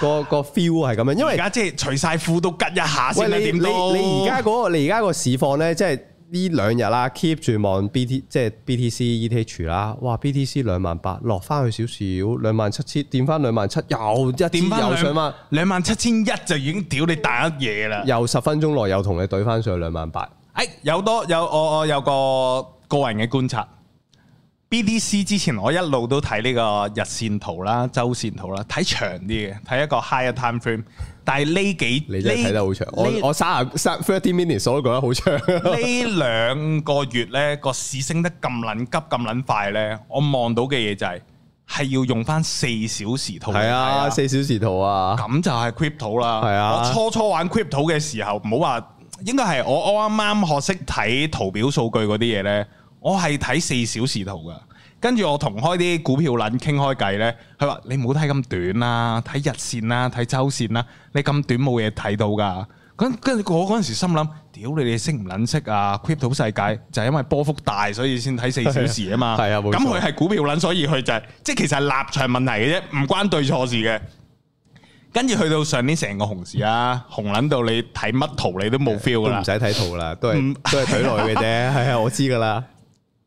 個個 feel 係咁樣，因為而家即係除晒褲都吉一下先。你你你而家嗰個，你而家個市況咧，即係呢兩日啦，keep 住望 B T，即係 B T C E T H 啦。哇，B T C 兩萬八落翻去少少，兩萬七千，點翻兩萬七又一，點翻上萬兩萬七千一就已經屌你大一嘢啦！鐘內又十分鐘內又同你懟翻上兩萬八。誒、哎，有多有我我有個個人嘅觀察。BDC 之前我一路都睇呢個日線圖啦、周線圖啦，睇長啲嘅，睇一個 higher time frame 但。但係呢幾你睇得好長，這我我三啊三 thirty minutes 都覺得好長。呢兩個月呢個市升得咁撚急咁撚快呢，我望到嘅嘢就係、是、係要用翻四小時圖。係啊，四、啊、小時圖啊。咁就係 crypto 啦。係啊。我初初玩 crypto 嘅時候，唔好話，應該係我我啱啱學識睇圖表數據嗰啲嘢呢。我係睇四小時圖噶，跟住我同開啲股票撚傾開計咧，佢話你唔好睇咁短啦，睇日線啦，睇周線啦，你咁短冇嘢睇到噶。咁跟住我嗰陣時心諗，屌你哋識唔撚識啊，Crypto 世界就係因為波幅大所以先睇四小時啊嘛。係啊，咁佢係股票撚，所以佢就係即係其實立場問題嘅啫，唔關對錯事嘅。跟住去到上年成個紅市啊，紅撚到你睇乜圖你都冇 feel 噶啦，唔使睇圖啦，都係都係睇耐嘅啫。係啊，我知噶啦。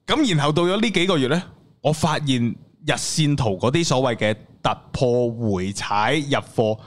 咁然後到咗呢幾個月咧，我發現日線圖嗰啲所謂嘅突破回踩入貨，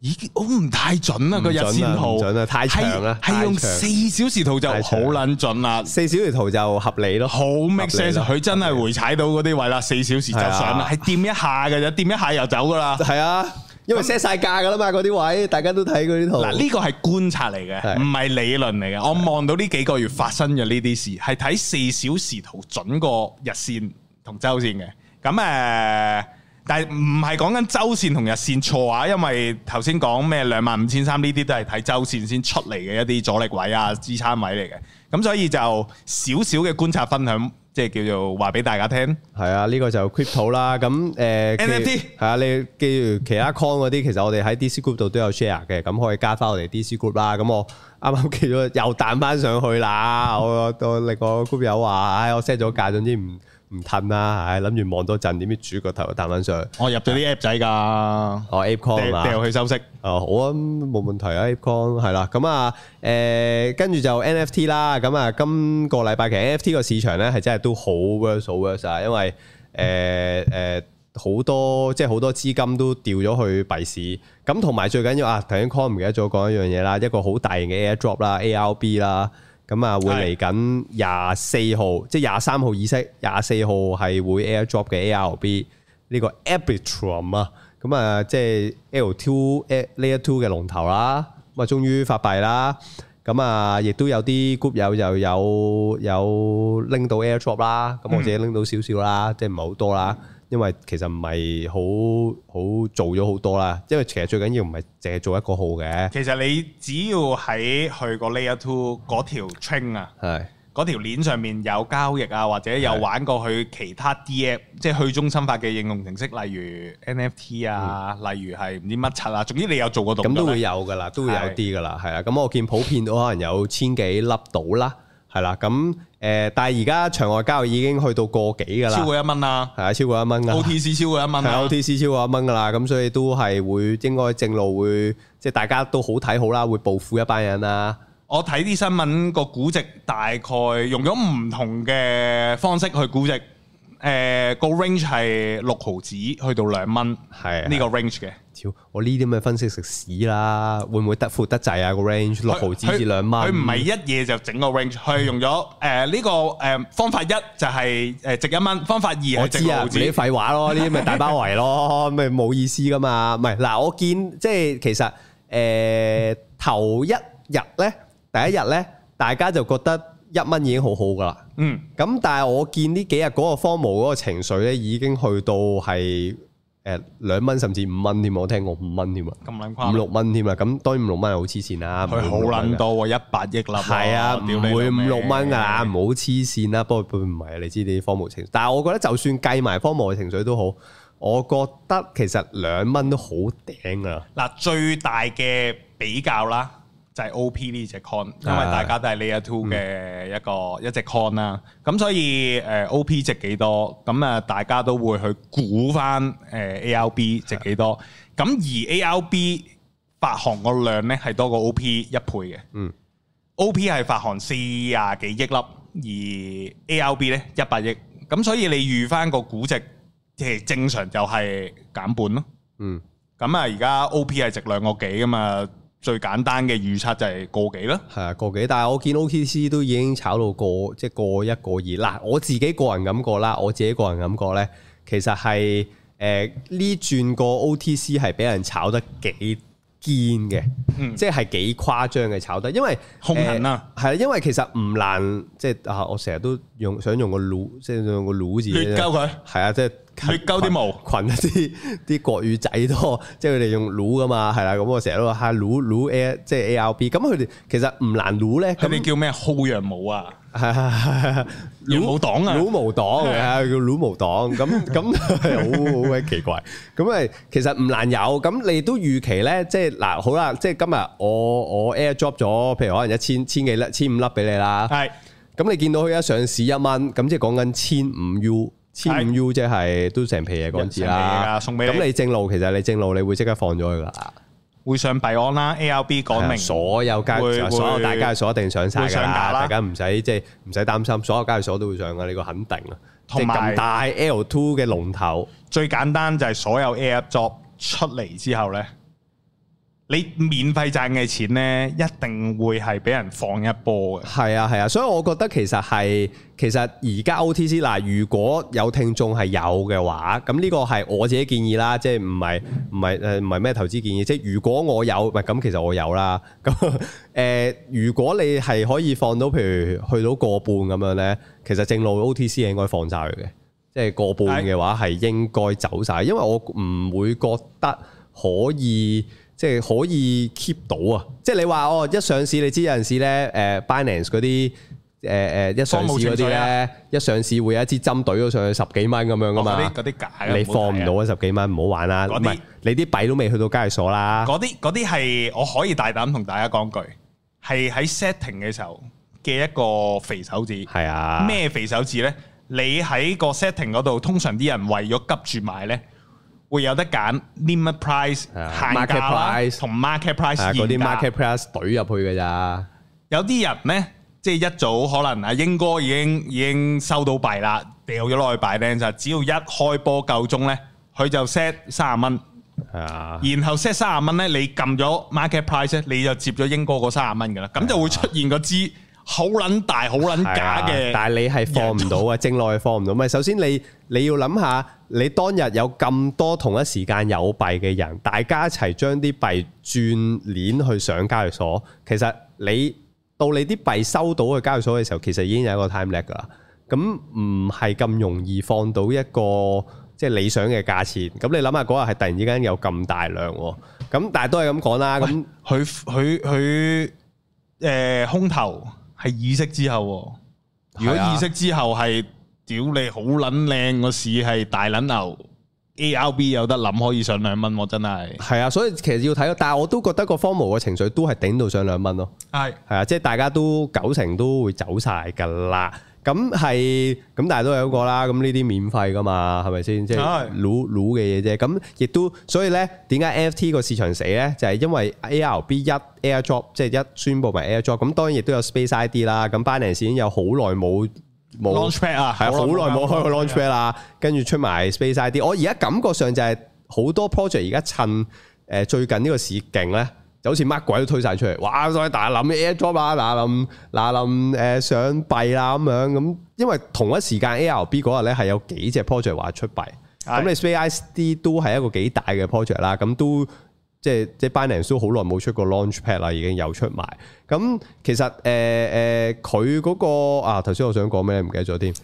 已經好唔太準啦、啊。個日線圖準啊，準啊，太長啦，係是長用四小時圖就好撚準啦。四小時圖就合理咯，好 make sense，佢真係回踩到嗰啲位啦。四小時就上啦，係掂、啊、一下嘅啫，掂一下又走噶啦。係啊。 因為 set 晒價噶啦嘛，嗰啲位大家都睇過呢啲圖。嗱呢個係觀察嚟嘅，唔係的理論嚟嘅。的我望到呢幾個月發生嘅呢啲事，係睇四小時圖準過日綫同周綫嘅。咁誒、呃，但係唔係講緊周綫同日綫錯啊？因為頭先講咩兩萬五千三呢啲都係睇周綫先出嚟嘅一啲阻力位啊、支撐位嚟嘅。咁所以就少少嘅觀察分享。即係叫做話俾大家聽，係啊，呢、這個就 crypto 啦，咁誒、呃、NFT 係啊，你例住其他 con 嗰啲，其實我哋喺 Discord 度都有 share 嘅，咁可以加翻我哋 Discord 啦。咁我啱啱記咗又彈翻上去啦，我我另個 group 友話，唉，我 set 咗價總之唔。唔褪啦，唉，諗住望多陣，點知煮個頭彈翻上去。我入咗啲 app 仔噶，我 ApeCoin 掉去收息。哦，好啊，冇問題啊，ApeCoin 係啦。咁啊，誒，跟住就 NFT 啦。咁啊，今個禮拜其實 NFT 個市場咧，係真係都好 worse 好 worse 啊，因為誒誒好多即係好多資金都掉咗去幣市。咁同埋最緊要啊，頭先 c o 唔記得咗講一樣嘢啦，一個好大型嘅 airdrop 啦，ARB 啦。咁啊，會嚟緊廿四號，是即係廿三號議息，廿四號係會 air drop 嘅 ARB 呢個 Arbitrum 啊，咁啊，即係 L2 layer two 嘅龍頭啦，咁啊，終於發幣啦，咁啊，亦都有啲 group 友又有有拎到 air drop 啦，咁我自己拎到少少啦，嗯、即係唔係好多啦。因為其實唔係好好做咗好多啦，因為其實最緊要唔係淨係做一個號嘅。其實你只要喺去個 Layer Two 嗰條 chain 啊，嗰是的 條鏈上面有交易啊，或者有玩過去其他 d f 是的 即係去中心化嘅應用程式，例如 NFT 啊，嗯、例如係唔知乜柒啊，總之你有做過動作咁、嗯、都會有噶啦，都會有啲噶啦，係啊是的 的。咁我見普遍都可能有千幾粒到啦，係啦。咁誒，但係而家場外交易已經去到個幾㗎啦，超過一蚊啦，係啊，超過一蚊啊，OTC 超過一蚊，係 OTC 超過一蚊㗎啦，咁所以都係會應該正路會，即係大家都好睇好啦，會暴富一班人啊！我睇啲新聞個估值大概用咗唔同嘅方式去估值，誒個 range 係六毫子去到兩蚊，係呢個 range 嘅。我呢啲咪分析食屎啦，會唔會得闊得滯啊？個 range 六毫紙至兩蚊，佢唔係一夜就整個 range，佢用咗誒呢個誒方法一就係誒值一蚊，方法二我知啊，唔係啲廢話咯，呢啲咪大包圍咯，咪冇意思噶嘛，唔係嗱，我見即係其實誒頭一日咧，第一日咧，大家就覺得一蚊已經好好噶啦，嗯，咁但係我見呢幾日嗰個 FOMO 嗰個情緒咧，已經去到係。誒、嗯、兩蚊甚至五蚊添，我聽過五蚊添啊，五六蚊添啊，咁當然五六蚊係好黐線啦，佢好撚多喎，一百億粒，係啊，唔會五六蚊啊，唔好黐線啦，不過佢唔係啊，你知呢啲荒務情緒，但係我覺得就算計埋荒務情緒都好，我覺得其實兩蚊都好頂啊，嗱，最大嘅比較啦。就係 OP 呢隻 con，因為大家都係 Layer Two 嘅一個的一隻 con 啦，咁所以誒 OP 值幾多，咁啊大家都會去估翻誒 ARB 值幾多，咁的而 ARB 發行個量咧係多過 OP 一倍嘅，嗯，OP 係發行四十幾億粒，而 ARB 咧一百億，咁所以你預翻個估值，即係正常就係減半咯，嗯，咁啊而家 OP 係值兩個幾㗎嘛？最簡單嘅預測就係個幾啦，係啊，個幾，但係我見 OTC 都已經炒到個即係個一個二啦，我自己個人感覺啦，我自己個人感覺咧，其實係誒呢轉個 OTC 係俾人炒得幾堅嘅，嗯、即係幾誇張嘅炒得，因為控人啊，係啊、呃，因為其實唔難，即係啊，我成日都用想用個擼，即係用個擼字，亂教佢，係啊，即係亂教啲毛，群，群一啲啲國語仔多，即係佢哋用擼㗎嘛，係啦，咁我成日都話擼擼 a i 即係 ALB，咁佢哋其實唔難擼咧，咁你叫咩？薅羊毛啊？ 擼毛黨啊！擼毛黨啊！叫擼毛黨咁咁，好好鬼奇怪。咁咪其實唔難有。咁你都預期咧，即係嗱，好啦，即係今日我我 air drop 咗，譬如可能一千千幾粒、千五粒俾你啦。係。咁你見到佢一上市一蚊，咁即係講緊千五 U，千五 U 即係都成皮嘢講字啦。咁你正路其實你正路，你會即刻放咗佢噶啦。會上幣安啦，ARB 講明所有交易會所，大交易所一定上晒。噶大家唔使即係唔使擔心，所有交易所都會上噶，呢、呢個肯定啊。同埋有大 L two 嘅龍頭，最簡單就係所有 Airdrop 出嚟之後咧。你免費賺嘅錢咧，一定會係俾人放一波嘅。係啊，係啊，所以我覺得其實係其實而家 O T C 嗱，如果有聽眾係有嘅話，咁呢個係我自己建議啦，即係唔係唔係誒唔係咩投資建議，即係如果我有，唔係咁其實我有啦。咁 誒、呃，如果你係可以放到，譬如去到過半咁樣咧，其實正路 O T C 係應該放曬嘅，即係過半嘅話係應該走晒，的因為我唔會覺得可以。即係可以 keep 到啊！即係你話哦，一上市你知有陣時咧，誒、呃、Binance 嗰啲誒誒、呃、一上市嗰啲咧，啊、一上市會有一支針堆咗上去十幾蚊咁樣噶嘛？嗰啲嗰啲假你些，你放唔到啊！十幾蚊唔好玩啦！嗰啲你啲幣都未去到交易所啦。嗰啲嗰啲係我可以大膽同大家講句，係喺 setting 嘅時候嘅一個肥手指。係啊，咩肥手指咧？你喺個 setting 嗰度，通常啲人為咗急住買咧。會有得揀 limit price，限價，同 market price 嗰啲，market price 隊入去㗎咋？有啲人咧，即係一早可能啊英哥已經已經收到幣啦，掉咗落去幣咧就，只要一開波夠鐘咧，佢就 set 三十蚊，然後 set 三十蚊咧，你撳咗 market price 咧，你就接咗英哥個三十蚊㗎喇，咁就會出現個支。好撚大，好撚假嘅，但係你係放唔到啊，正內放唔到。咪首先你你要諗下，你當日有咁多同一時間有幣嘅人，大家一齊將啲幣轉鏈去上交易所。其實你到你啲幣收到去交易所嘅時候，其實已經有一個 time lag 噶啦。咁唔係咁容易放到一個即係理想嘅價錢。咁你諗下嗰日係突然之間有咁大量，咁但係都係咁講啦。咁佢佢佢誒空頭。係意識之後，如果意識之後係屌的你好撚靚，個市係大撚牛，ARB 有得諗，可以上兩蚊，我真係。係啊，所以其實要睇，但係我都覺得個 FOMO 嘅情緒都係頂到上兩蚊咯。係的，係啊，即係大家都九成都會走晒噶啦。咁係，咁但係都有個啦，咁呢啲免費噶嘛，係咪先？即係攞攞嘅嘢啫。咁亦都，所以咧，點解 FT 個市場死咧？就係因為 ARB 一 Air Drop，即係一宣佈埋 Air Drop，咁當然亦都有 Space ID 啦。咁 Binance 已經有好耐冇冇 launchpad 啊，係好耐冇開過 launchpad 啦。跟住出埋 Space ID。我而家感覺上就係好多 project 而家趁誒最近呢個市勁咧。有似乜鬼都推晒出嚟，哇！再大諗 air drop 啊？嗱諗嗱諗，誒上、呃、幣啦咁樣咁，因為同一時間 ARB 嗰日咧係有幾隻 project 話出幣，咁的你 Space ID 都係一個幾大嘅 project 啦，咁都即係即係 Binance 好耐冇出過 launch pad 啦，已經又出埋。咁其實誒誒，佢、呃、嗰、呃那個啊頭先我想講咩唔記得咗添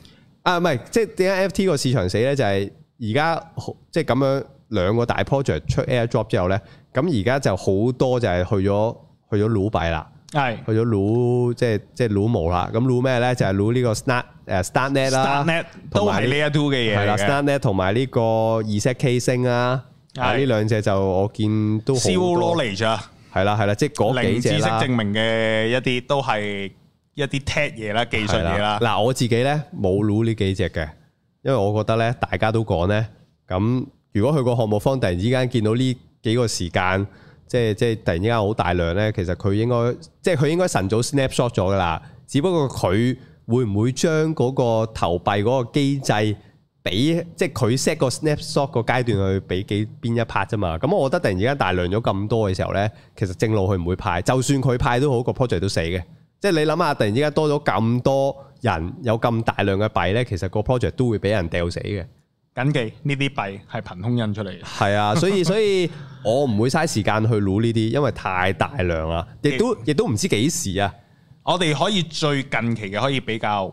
啊，唔係即係點解 FT 個市場死咧？就係而家即係咁樣兩個大 project 出 air drop 之後咧。咁而家就好多就係去咗去咗 Loo 幣啦，係去咗 Loo 即係即係 Loo 毛啦。咁 Loo 咩咧？就係 Loo 呢個 Start 誒 Startnet 啦，Startnet 都係呢一 do 嘅嘢係啦。Startnet 同埋呢個 zkSync 啊，呢兩隻就我見都好多。係啦係啦，即係嗰幾隻啦。零知識證明嘅一啲都係一啲 Tech 嘢啦，技術嘢啦。嗱我自己咧冇 Loo 呢幾隻嘅，因為我覺得咧大家都講咧，咁如果去個項目方突然之間見到呢？幾個時間，即係即係突然之間好大量咧，其實佢應該，即係佢應該晨早 snapshot 咗噶啦。只不過佢會唔會將嗰個投幣嗰個機制，俾即係佢 set 個 snapshot 個階段去俾幾邊一 part 啫嘛。咁、嗯、我覺得突然之間大量咗咁多嘅時候咧，其實正路佢唔會派，就算佢派都好，個 project 都死嘅。即係你諗下，突然之間多咗咁多人，有咁大量嘅幣咧，其實個 project 都會俾人掉死嘅。緊記呢啲幣係憑空印出嚟嘅，係啊，所以所以我唔會嘥時間去擼呢啲，因為太大量啦，亦都亦都唔知幾時啊。我哋可以最近期嘅可以比較，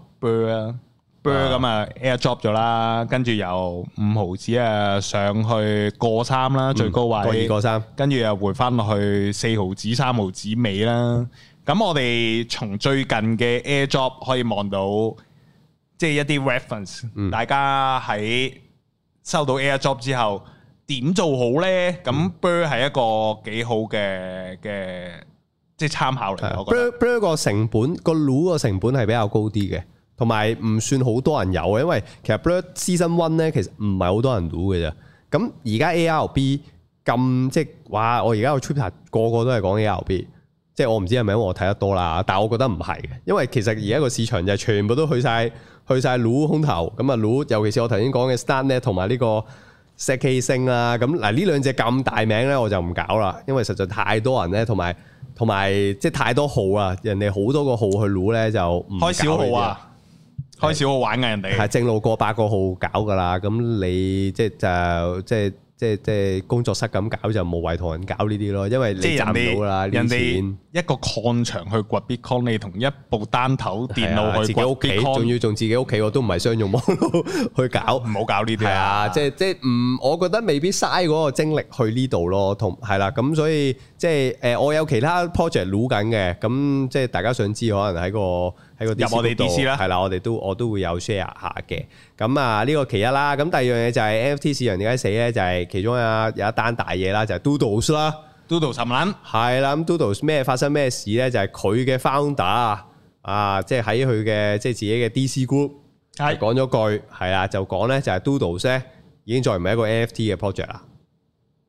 咁啊，air drop 咗啦，呃呃、跟住由五毫子啊上去過三啦，最高位，嗯、過二過三，跟住又回翻落去四毫子、三毫子尾啦。咁我哋從最近嘅 air drop 可以望到，即係一啲 reference，嗯，大家喺。收到 Airdrop 之後點做好咧？咁 Blur 係一個幾好嘅嘅即係參考嚟，的我覺得 Blur 個成本個攰個成本係比較高啲嘅，同埋唔算好多人有嘅，因為其實 Blur Season One 咧其實唔係好多人攰嘅啫。咁而家 ARB 咁即係哇！我而家個 Twitter 個個都係講 ARB，即係我唔知係咪因為我睇得多啦，但係我覺得唔係嘅，因為其實而家個市場就係全部都去晒。去曬攞空頭，咁啊攞，尤其是我頭先講嘅 StarNet 同埋呢個石器星啦，咁嗱呢兩隻咁大名咧，我就唔搞啦，因為實在太多人咧，同埋同埋即係太多號啊，人哋好多個號去攞咧就唔開小號啊，開小號玩嘅人哋係正路過八個號搞噶啦，咁你即係就即係。即係即係工作室咁搞就無謂同人搞呢啲咯，因為你賺唔到啦啲錢。人一個礦場去掘 Bitcoin 你同一部單頭電腦去掘 Bitcoin 仲要仲自己屋企我都唔係商用網去搞，唔好搞呢啲啊,啊！即係即係唔，我覺得未必嘥嗰個精力去呢度咯，同係啦。咁、啊、所以即係誒、呃，我有其他 project 撈緊嘅，咁、嗯、即係大家想知可能喺個喺個入我哋啲先啦，係啦呢，我哋都我都會有 share 下嘅。咁啊，呢個其一啦。咁第二樣嘢就係 NFT 市場點解死咧？就係、是、其中啊有一單大嘢啦，就係 Doodles 啦。Doodles 冚撚係啦。咁 Doodles 咩發生咩事咧？就係佢嘅 founder 啊，即係喺佢嘅即係自己嘅 DC Group 講咗句係啦，就講咧就係 Doodles 咧已經再唔係一個 NFT 嘅 project 啦。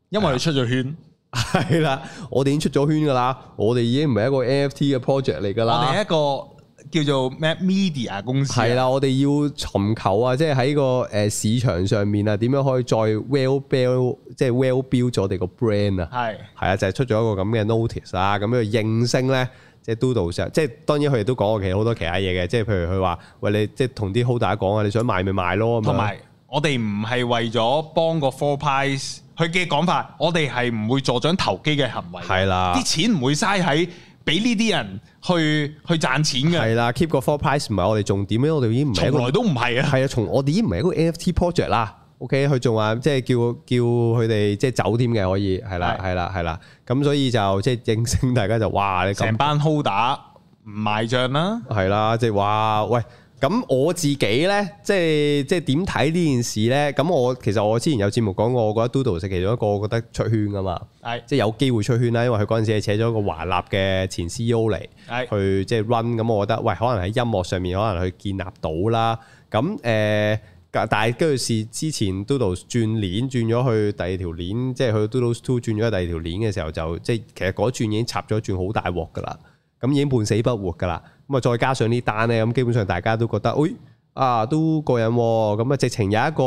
因為佢出咗圈係啦，我哋已經出咗圈噶啦，我哋已經唔係一個 NFT 嘅 project 嚟噶啦。我哋一個叫做 media 公司係啦，我哋要尋求啊，即係喺個誒市場上面啊，點樣可以再 well build，即係 well build 咗我哋個 brand 啊的，係係啊，就係、係、出咗一個咁嘅 notice 啊，咁樣應聲咧，即係 Doodles，即係當然佢哋都講過其實好多其他嘢嘅，即係譬如佢話，喂，你即係同啲 holder 講下啊，你想賣咪賣咯，同埋有樣我哋唔係為咗幫個 floor price，佢嘅講法，我哋係唔會助長投機嘅行為，係啦的，啲錢唔會嘥喺。俾呢啲人去去賺錢嘅係啦，keep 個 floor price 唔係我哋重點，因為我哋已經唔係一個，從來都唔係啊，係啊，從我哋已經唔係一個 NFT project 啦。OK，佢仲話即係叫叫佢哋即係走添嘅，可以係啦，係啦，係啦是。咁所以就即係應聲，大家就哇，成班 holder，唔賣帳啦、啊，係啦，即係哇，喂。咁我自己咧，即係即係點睇呢件事咧？咁我其實我之前有節目講過，我覺得 Doodle 係其中一個我覺得出圈噶嘛。係的，即係有機會出圈啦，因為佢嗰陣時扯咗個華納嘅前 CEO 嚟，係的去即係 run，咁我覺得，喂，可能喺音樂上面可能去建立到啦。咁誒、呃，但係跟住係之前 Doodle 轉鏈轉咗去第二條鏈，即係去 Doodle Two 轉咗去第二條鏈嘅時候就，就即係其實嗰轉已經插咗轉好大鑊噶啦。咁已經半死不活噶啦，咁啊再加上呢單咧，咁基本上大家都覺得，誒、哎、啊都過癮喎，咁、嗯、啊直情有一個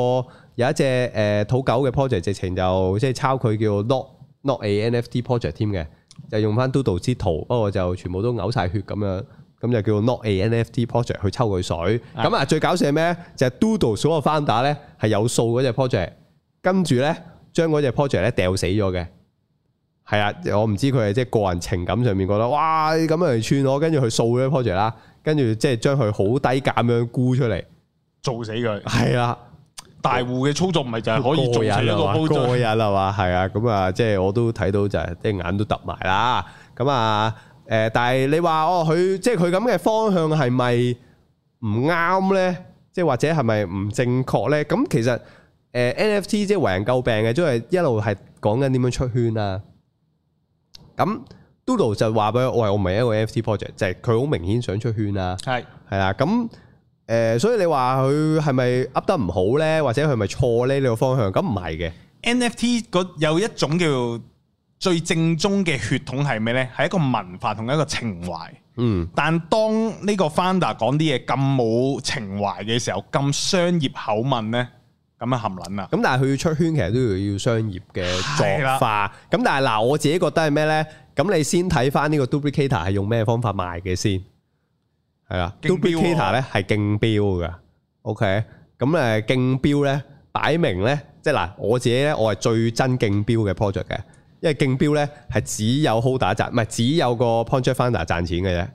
有一隻誒土狗嘅 project，直情就即係抄佢叫 not not a NFT project 添嘅，就用翻 Doodle 之圖，不過就全部都嘔晒血咁樣，咁就叫 not a NFT project 去抽佢水，咁啊的最搞笑係咩？就係 Doodle 所有翻打咧係有數嗰隻 project，跟住咧將嗰隻 project 咧掉死咗嘅。係啊，我唔知佢係即係個人情感上面覺得哇咁樣嚟串我，跟住佢掃呢 project 啦，跟住即係將佢好低價咁樣估出嚟，做死佢。係啊的，我大戶嘅操作咪就係可以做死一個 project 係嘛？係啊，咁啊，即係我都睇到就係啲眼都突埋啦。咁啊，誒，但係你話哦，佢即係佢咁嘅方向係咪唔啱咧？即係或者係咪唔正確咧？咁其實誒 NFT 即係為人詬病嘅，因為一路係講緊點樣出圈啊。咁 Doodle 就話俾我係我唔係一個 NFT project，就係佢好明顯想出圈啊。係係啦，咁誒、呃，所以你話佢係咪噏得唔好咧，或者佢係咪錯咧呢、呢個方向？咁唔係嘅，NFT 有一種叫做最正宗嘅血統係咩咧？係一個文化同一個情懷。嗯，但當呢個 founder 講啲嘢咁冇情懷嘅時候，咁商業口吻咧？咁啊含撚啊！咁但係佢要出圈，其實都要要商業嘅作化。咁的但係嗱，我自己覺得係咩咧？咁你先睇翻呢個 duplicator 係用咩方法賣嘅先係啊？duplicator 咧係競標㗎，OK？咁誒競標咧、okay，擺明咧，即係嗱我自己咧，我係最憎競標嘅 project 嘅，因為競標咧係只有 holder 賺，唔係只有個 project founder 賺錢嘅啫。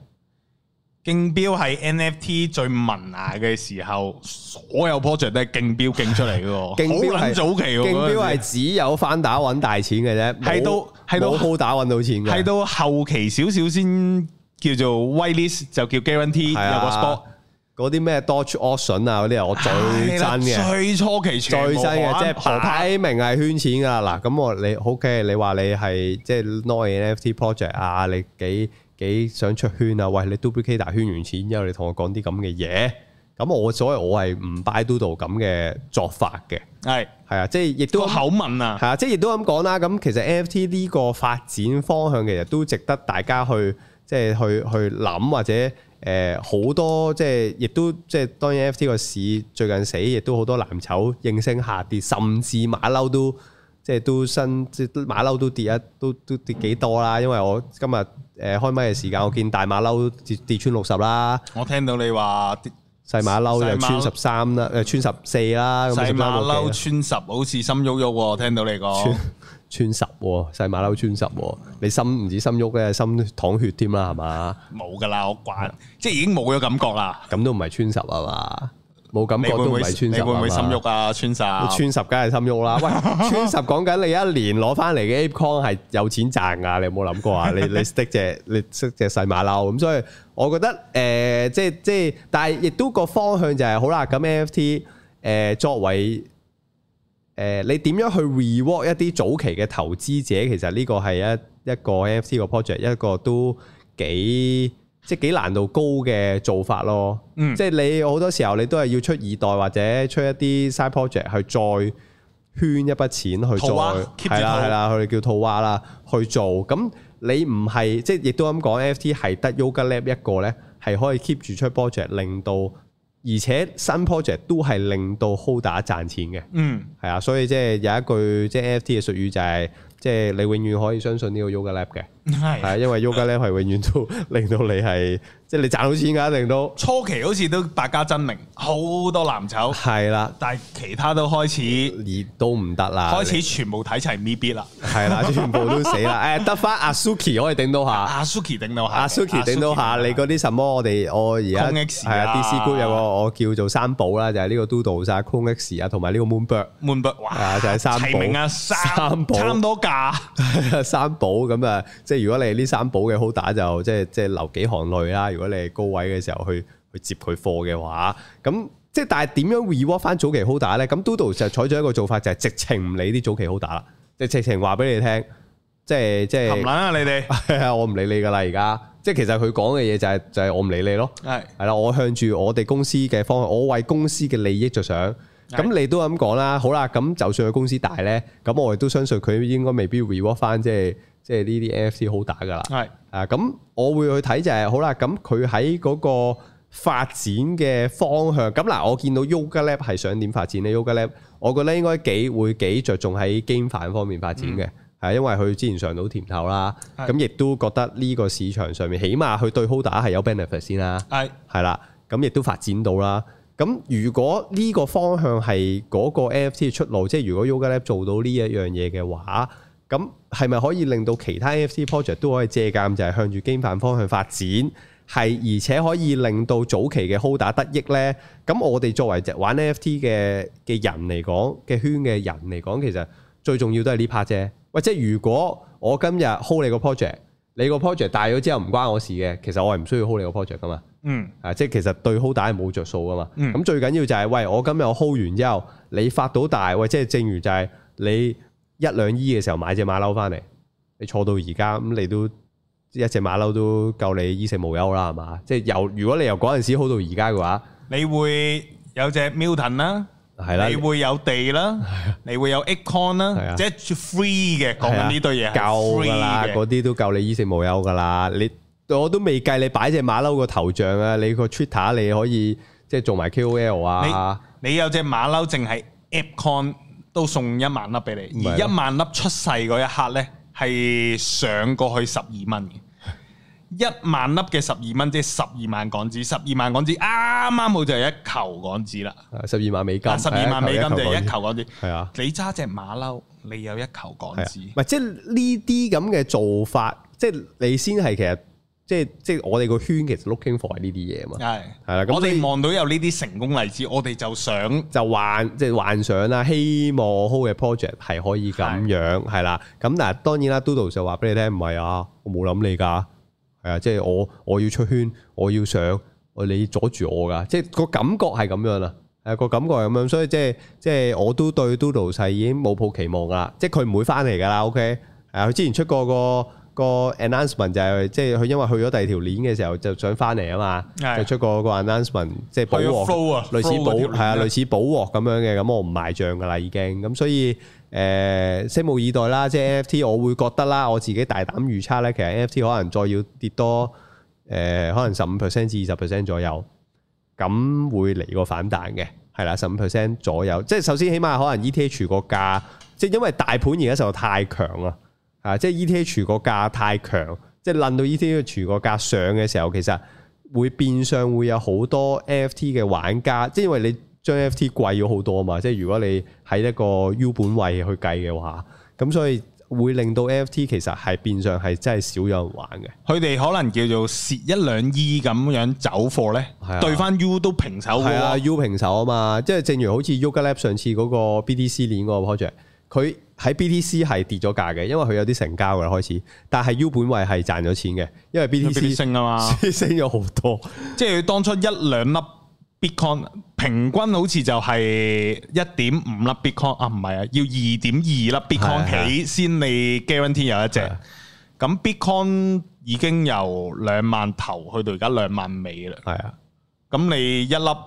競標係 NFT 最文雅嘅時候，所有 project 都係競標競出嚟嘅喎，好撚 是早期。競標係只有 founder 揾大錢嘅啫，係到係有到 founder 揾到錢嘅，係到後期少少先叫做 white list 就叫 guarantee，、啊、有個嗰啲咩 Dutch auction 啊嗰啲我最真嘅、啊啊、最初期最真嘅，即係排名係圈錢㗎嗱，咁我你 OK 你話你係即係攞 NFT project 啊，你幾？你幾想出圈啊？喂，你 WPK 大圈完錢之後你，你同我講啲咁嘅嘢，咁我所以我係唔 buy Doodle 咁嘅做法嘅。係係的啊，即係亦都口吻啊。係啊，即係亦都咁講啦。咁其實 NFT 呢個發展方向其實都值得大家去即係、就是、去去諗或者誒好多即係亦都即係當然 NFT 個市最近死，亦都好多藍籌應聲下跌，甚至馬騮都。即係都新，即係馬騮都跌一，都都跌幾多啦？因為我今日誒、呃、開咪嘅時間，我見大馬騮跌，跌，跌穿六十啦。我聽到你話細馬騮又穿十三、呃、十三啦，誒穿十四啦。細馬騮穿十好似心喐喐喎，聽到你講穿十喎、啊，細馬騮穿十喎、啊，你心唔止心喐咧，心淌血添、啊、啦，係嘛？冇㗎啦，我慣是的 即係已經冇咗感覺啦。咁都唔係穿十啊嘛？冇感覺都唔係穿十，你會唔會心喐啊？穿十穿十梗係心喐啦。喂，穿十講緊你一年攞翻嚟嘅 ApeCoin 係有錢賺噶，你有冇諗過啊？你你識隻你識隻細馬騮咁，所以我覺得誒，即係即係，但係亦都個方向就係好啦。咁 NFT 誒作為誒，你點樣去 reward 一啲早期嘅投資者？其實呢個係一一個 NFT 個 project，一個都幾。即係幾難度高嘅做法咯，嗯、即係你好多時候你都係要出二代或者出一啲 side project 去再圈一筆錢去做。係啦係啦，佢哋叫套娃啦去做。咁你唔係即係亦都咁講，NFT 係得 Yogalab 一個咧係可以 keep 住出 project，令到而且新 project 都係令到 Holder 賺錢嘅。嗯，係啊，所以即係有一句即係 NFT 嘅術語就係、是。即係你永遠可以相信呢個 Yoga Lab 嘅，係的，因為 Yoga Lab 係永遠都令到你係。即係你賺到錢噶，一定都初期好似都百家爭鳴，好多藍籌係啦。但係其他都開始都唔得啦，開始全部睇齊 MIB 啦，係啦，全部都死啦。誒，得翻 Azuki 可以頂到下，Azuki 頂到下，Azuki 頂到下。你嗰啲什麼我哋我而家係啊，DC Group 有個我叫做三寶啦，就係呢個 Doodle 啊、Clone X 啊，同埋呢個 Moonberg。啊，就係三寶，差唔多價。三寶咁啊，即係如果你呢三寶嘅好打，就即係即係流幾行淚啦。如果你係高位嘅時候去去接佢貨嘅話，咁即係但係點樣 reward 翻早期 hold 家咧？咁 Doodle 就採咗一個做法，就係、是、直情唔理啲早期 hold 家啦，就直情話俾你聽，即係即係冚卵啊！你哋係啊， 我唔理你噶啦，而家即係其實佢講嘅嘢就係就係我唔理你咯，係係啦，我向住我哋公司嘅方向，我為公司嘅利益着想。咁你都咁講啦，好啦，咁就算佢公司大咧，咁我亦都相信佢應該未必 reward 翻，即係即係呢啲 NFTHolder 㗎啦。係啊，咁我會去睇就係好啦，咁佢喺嗰個發展嘅方向，咁嗱，我見到 Yuga Labs 係想點發展咧？Yuga Labs，我覺得應該幾會幾著重喺 GameFi 方面發展嘅，係因為佢之前上到甜頭啦，咁亦都覺得呢個市場上面，起碼佢對 Holder 係有 benefit 先啦。係係啦，咁亦都發展到啦。咁如果呢個方向係嗰個 NFT 嘅出路，即係如果 Yuga Labs 做到呢一樣嘢嘅話，咁係咪可以令到其他 NFT project 都可以借鑑，就係、是、向住經貿方向發展？係而且可以令到早期嘅 Holder、er、得益呢。咁我哋作為玩 NFT 嘅嘅人嚟講，嘅圈嘅人嚟講，其實最重要都係呢 part 啫。喂，即係如果我今日 hold 你個 project，你個 project 大咗之後唔關我事嘅，其實我係唔需要 hold 你個 project 噶嘛。嗯，啊，即係其實對 hold 帶係冇着數噶嘛。咁最緊要就係、是、喂，我今日我 hold 完之後，你發到大，喂，即係正如就係你一兩 E 嘅時候買隻馬騮翻嚟，你坐到而家咁，你都一隻馬騮都夠你衣食無憂啦，係嘛？即係由如果你由嗰陣時 hold 到而家嘅話，你會有隻 Mutant 啦，係啦，你會有地啦，啦你會有 Econ 啦，即係 free 嘅，講緊呢堆嘢夠噶啦，嗰啲、啊啊、都夠你衣食無憂噶啦，你。我都未計你擺隻馬騮個頭像啊！你個 Twitter 你可以即係做埋 KOL 啊你！你有隻馬騮淨係 ApeCoin 都送一萬粒俾你，而一萬粒出世嗰一刻呢，係上過去十二蚊。一萬粒嘅十二蚊即係十二萬港紙，十二萬港紙啱啱好就係一球港紙啦。十二萬美金，十二萬美金就係一，一球港紙。係啊，你揸隻馬騮，你有一球港紙。唔係，即係呢啲咁嘅做法，即係你先係其實。即係即係我哋個圈其實 looking for 係呢啲嘢啊嘛，係係啦，咁的你我哋望到有呢啲成功例子，我哋就想就幻即係幻想啦，希望我 hold 嘅 project 係可以咁樣係啦。咁但係的當然啦，Doodle 就話俾你聽唔係啊，我冇諗你㗎係啊，即係我我要出圈，我要上，你阻住我㗎，即係個感覺係咁樣啊，係個感覺係咁樣，所以即係即係我都對 Doodle 細已經冇抱期望㗎啦，即係佢唔會翻嚟㗎啦。OK 係啊，佢之前出過個。個 announcement 就係即係佢因為去咗第二條鏈嘅時候就想翻嚟啊嘛，的就出過個 announcement 即係補鑊，的類似補係啊，Flow 類似補的鑊咁樣嘅，咁我唔賣賬噶啦已經，咁所以誒、呃、拭目以待啦。即係 NFT，我會覺得啦，我自己大膽預測咧，其實 NFT 可能再要跌多誒、呃，可能十五 percent 至二十 percent 左右，咁會嚟個反彈嘅，係啦，十五 percent 左右。即係首先起碼可能 ETH 個價，即係因為大盤而家實在太強啊。啊！即係 ETH 個價太強，即係輪到 ETH 個價上嘅時候，其實會變相會有好多 NFT 嘅玩家，即係因為你將 NFT 貴咗好多嘛，即係如果你喺一個 U 本位去計嘅話，咁所以會令到 NFT 其實係變相係真係少有人玩嘅。佢哋可能叫做蝕一兩億咁樣走貨咧，啊、對翻 U 都平手，啊。係啊，U 平手啊嘛，即係正如好似 Yuga Lab 上次嗰個 BTC 鏈嗰個 project，佢。喺 BTC 係跌咗價嘅，因為佢有啲成交嘅開始，但係 U 本位係賺咗錢嘅，因為 BTC 升啊嘛，升咗好多。即係當初一兩粒 Bitcoin 平均好似就係一點五粒 Bitcoin 啊，唔係啊，要二點二粒 Bitcoin 起先、啊、你 guarantee 有一隻。咁的 Bitcoin 已經由兩萬頭去到而家兩萬尾啦。係啊的，咁你一粒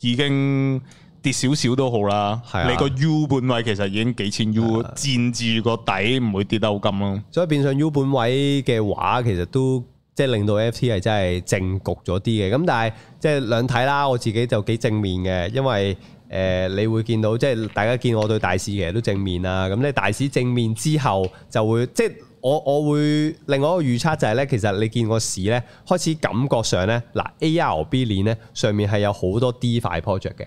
已經。跌少少都好啦，啊、你個 U 本位其實已經幾千 U，佔住個底，唔會跌得好金咯。所以變相 U 本位嘅話，其實都即係、就是、令到 FT 係真係正局咗啲嘅。咁但係即係兩睇啦，我自己就幾正面嘅，因為誒、呃，你會見到即係、就是、大家見我對大市其實都正面啦。咁咧大市正面之後就會即係、就是、我我會另外一個預測就係、是、咧，其實你見個市咧開始感覺上咧嗱，A R B 鏈咧上面係有好多 D 快 project 嘅。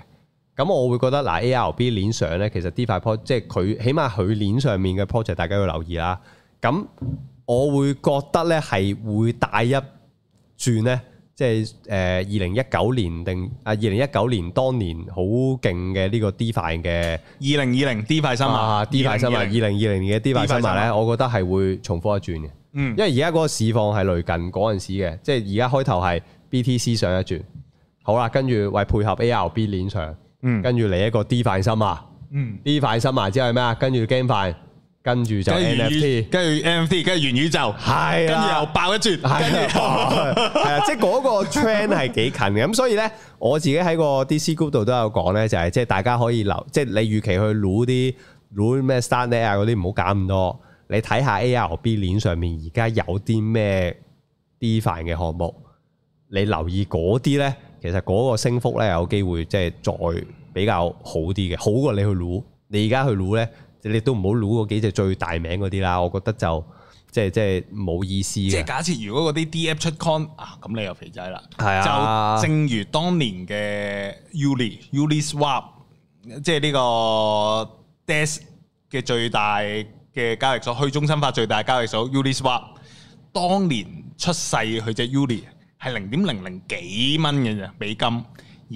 咁我會覺得嗱，A R B 鏈上咧，其實 D 塊 p e c t 即係佢起碼佢鏈上面嘅 project，大家要留意啦。咁我會覺得咧係會帶一轉咧，即係誒二零一九年定啊二零一九年當年好勁嘅呢個 D 塊嘅二零二零 D 塊新聞啊，D 塊新聞二零二零年嘅 D 塊新聞咧，我覺得係會重複一轉嘅。嗯，因為而家嗰個市況係類近嗰陣時嘅，即係而家開頭係 B T C 上一轉好啦，跟住為配合 A R B 鏈上。嗯，跟住嚟一個 DeFi 心啊，DeFi 心埋之後係咩啊？跟住 GameFi，跟住就 NFT，跟住 NFT，跟住元宇宙，係啊，又爆一轉，係啊，啊，即係嗰個 trend 係幾近嘅，咁、 嗯、所以咧，我自己喺個 D C group 度都有講咧，就係即係大家可以留，即係你預期去擼啲擼咩 StarkNet 啊嗰啲，唔好搞咁多，你睇下 ARB 鏈上面而家有啲咩 DeFi 嘅項目，你留意嗰啲咧。其實嗰個升幅咧有機會即係再比較好啲嘅，好過你去撈。你而家去撈咧，你都唔好撈嗰幾隻最大名嗰啲啦。我覺得就即係即係冇意思嘅。即係假設如果嗰啲 DF 出 con 啊，咁你又肥仔啦。係啊，就正如當年嘅 Uni，Uni Swap，即係呢個 DEX 嘅最大嘅交易所，去中心化最大交易所 Uni Swap，當年出世佢隻 Uni。係零點零零幾蚊嘅啫，美金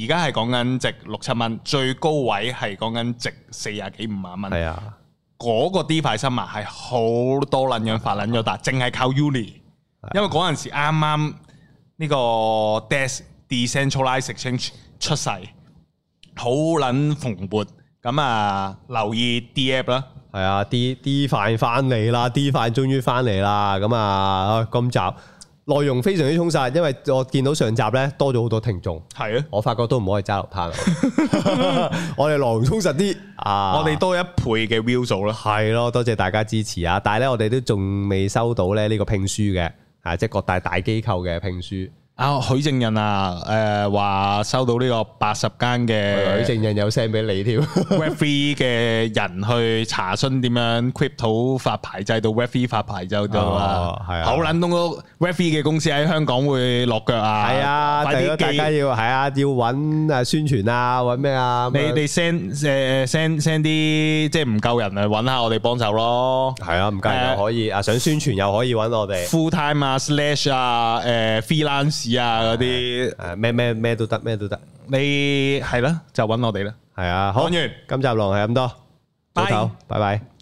而家係講緊值六七蚊，最高位係講緊值四廿幾五萬蚊。係啊，嗰個 DeFi 新聞係好多捻樣發捻咗，但係淨係靠 Uni，因為嗰陣時啱啱呢個 DEX Decentralized Exchange 出世，好捻蓬勃。咁啊，留意 DeFi 啦。係啊，啲 DeFi 翻嚟啦，DeFi 終於翻嚟啦。咁啊，今集。內容非常之充實，因為我見到上集咧多咗好多聽眾，係啊的，我發覺都唔可以揸流攤啦， 我哋內容充實啲，啊，我哋多一倍嘅 view 數啦，係咯，啊，多謝大家支持啊！但係咧，我哋都仲未收到咧呢個聘書嘅，吓即係各大大機構嘅聘書。阿許正仁啊，誒話收到呢個八十間嘅許正仁有 send 俾你條，Web3 嘅人去查詢點樣 crypto 發牌制度，就係到 Web3 發牌制度啊，好撚多個 Web3 嘅公司喺香港會落腳啊，係啊，快啲大家要係啊，要揾誒宣傳啊，揾咩啊？你你 send 誒 send send 啲即係唔夠人啊，揾下我哋幫手咯，係啊，唔夠人又可以啊，想宣傳又可以揾我哋 full time 啊，slash 啊，誒 freelance。事啊嗰啲咩咩咩都得，咩都得，你係啦就揾我哋啦，係啊，好，今集就係咁多，早唞 Bye，拜拜。Bye bye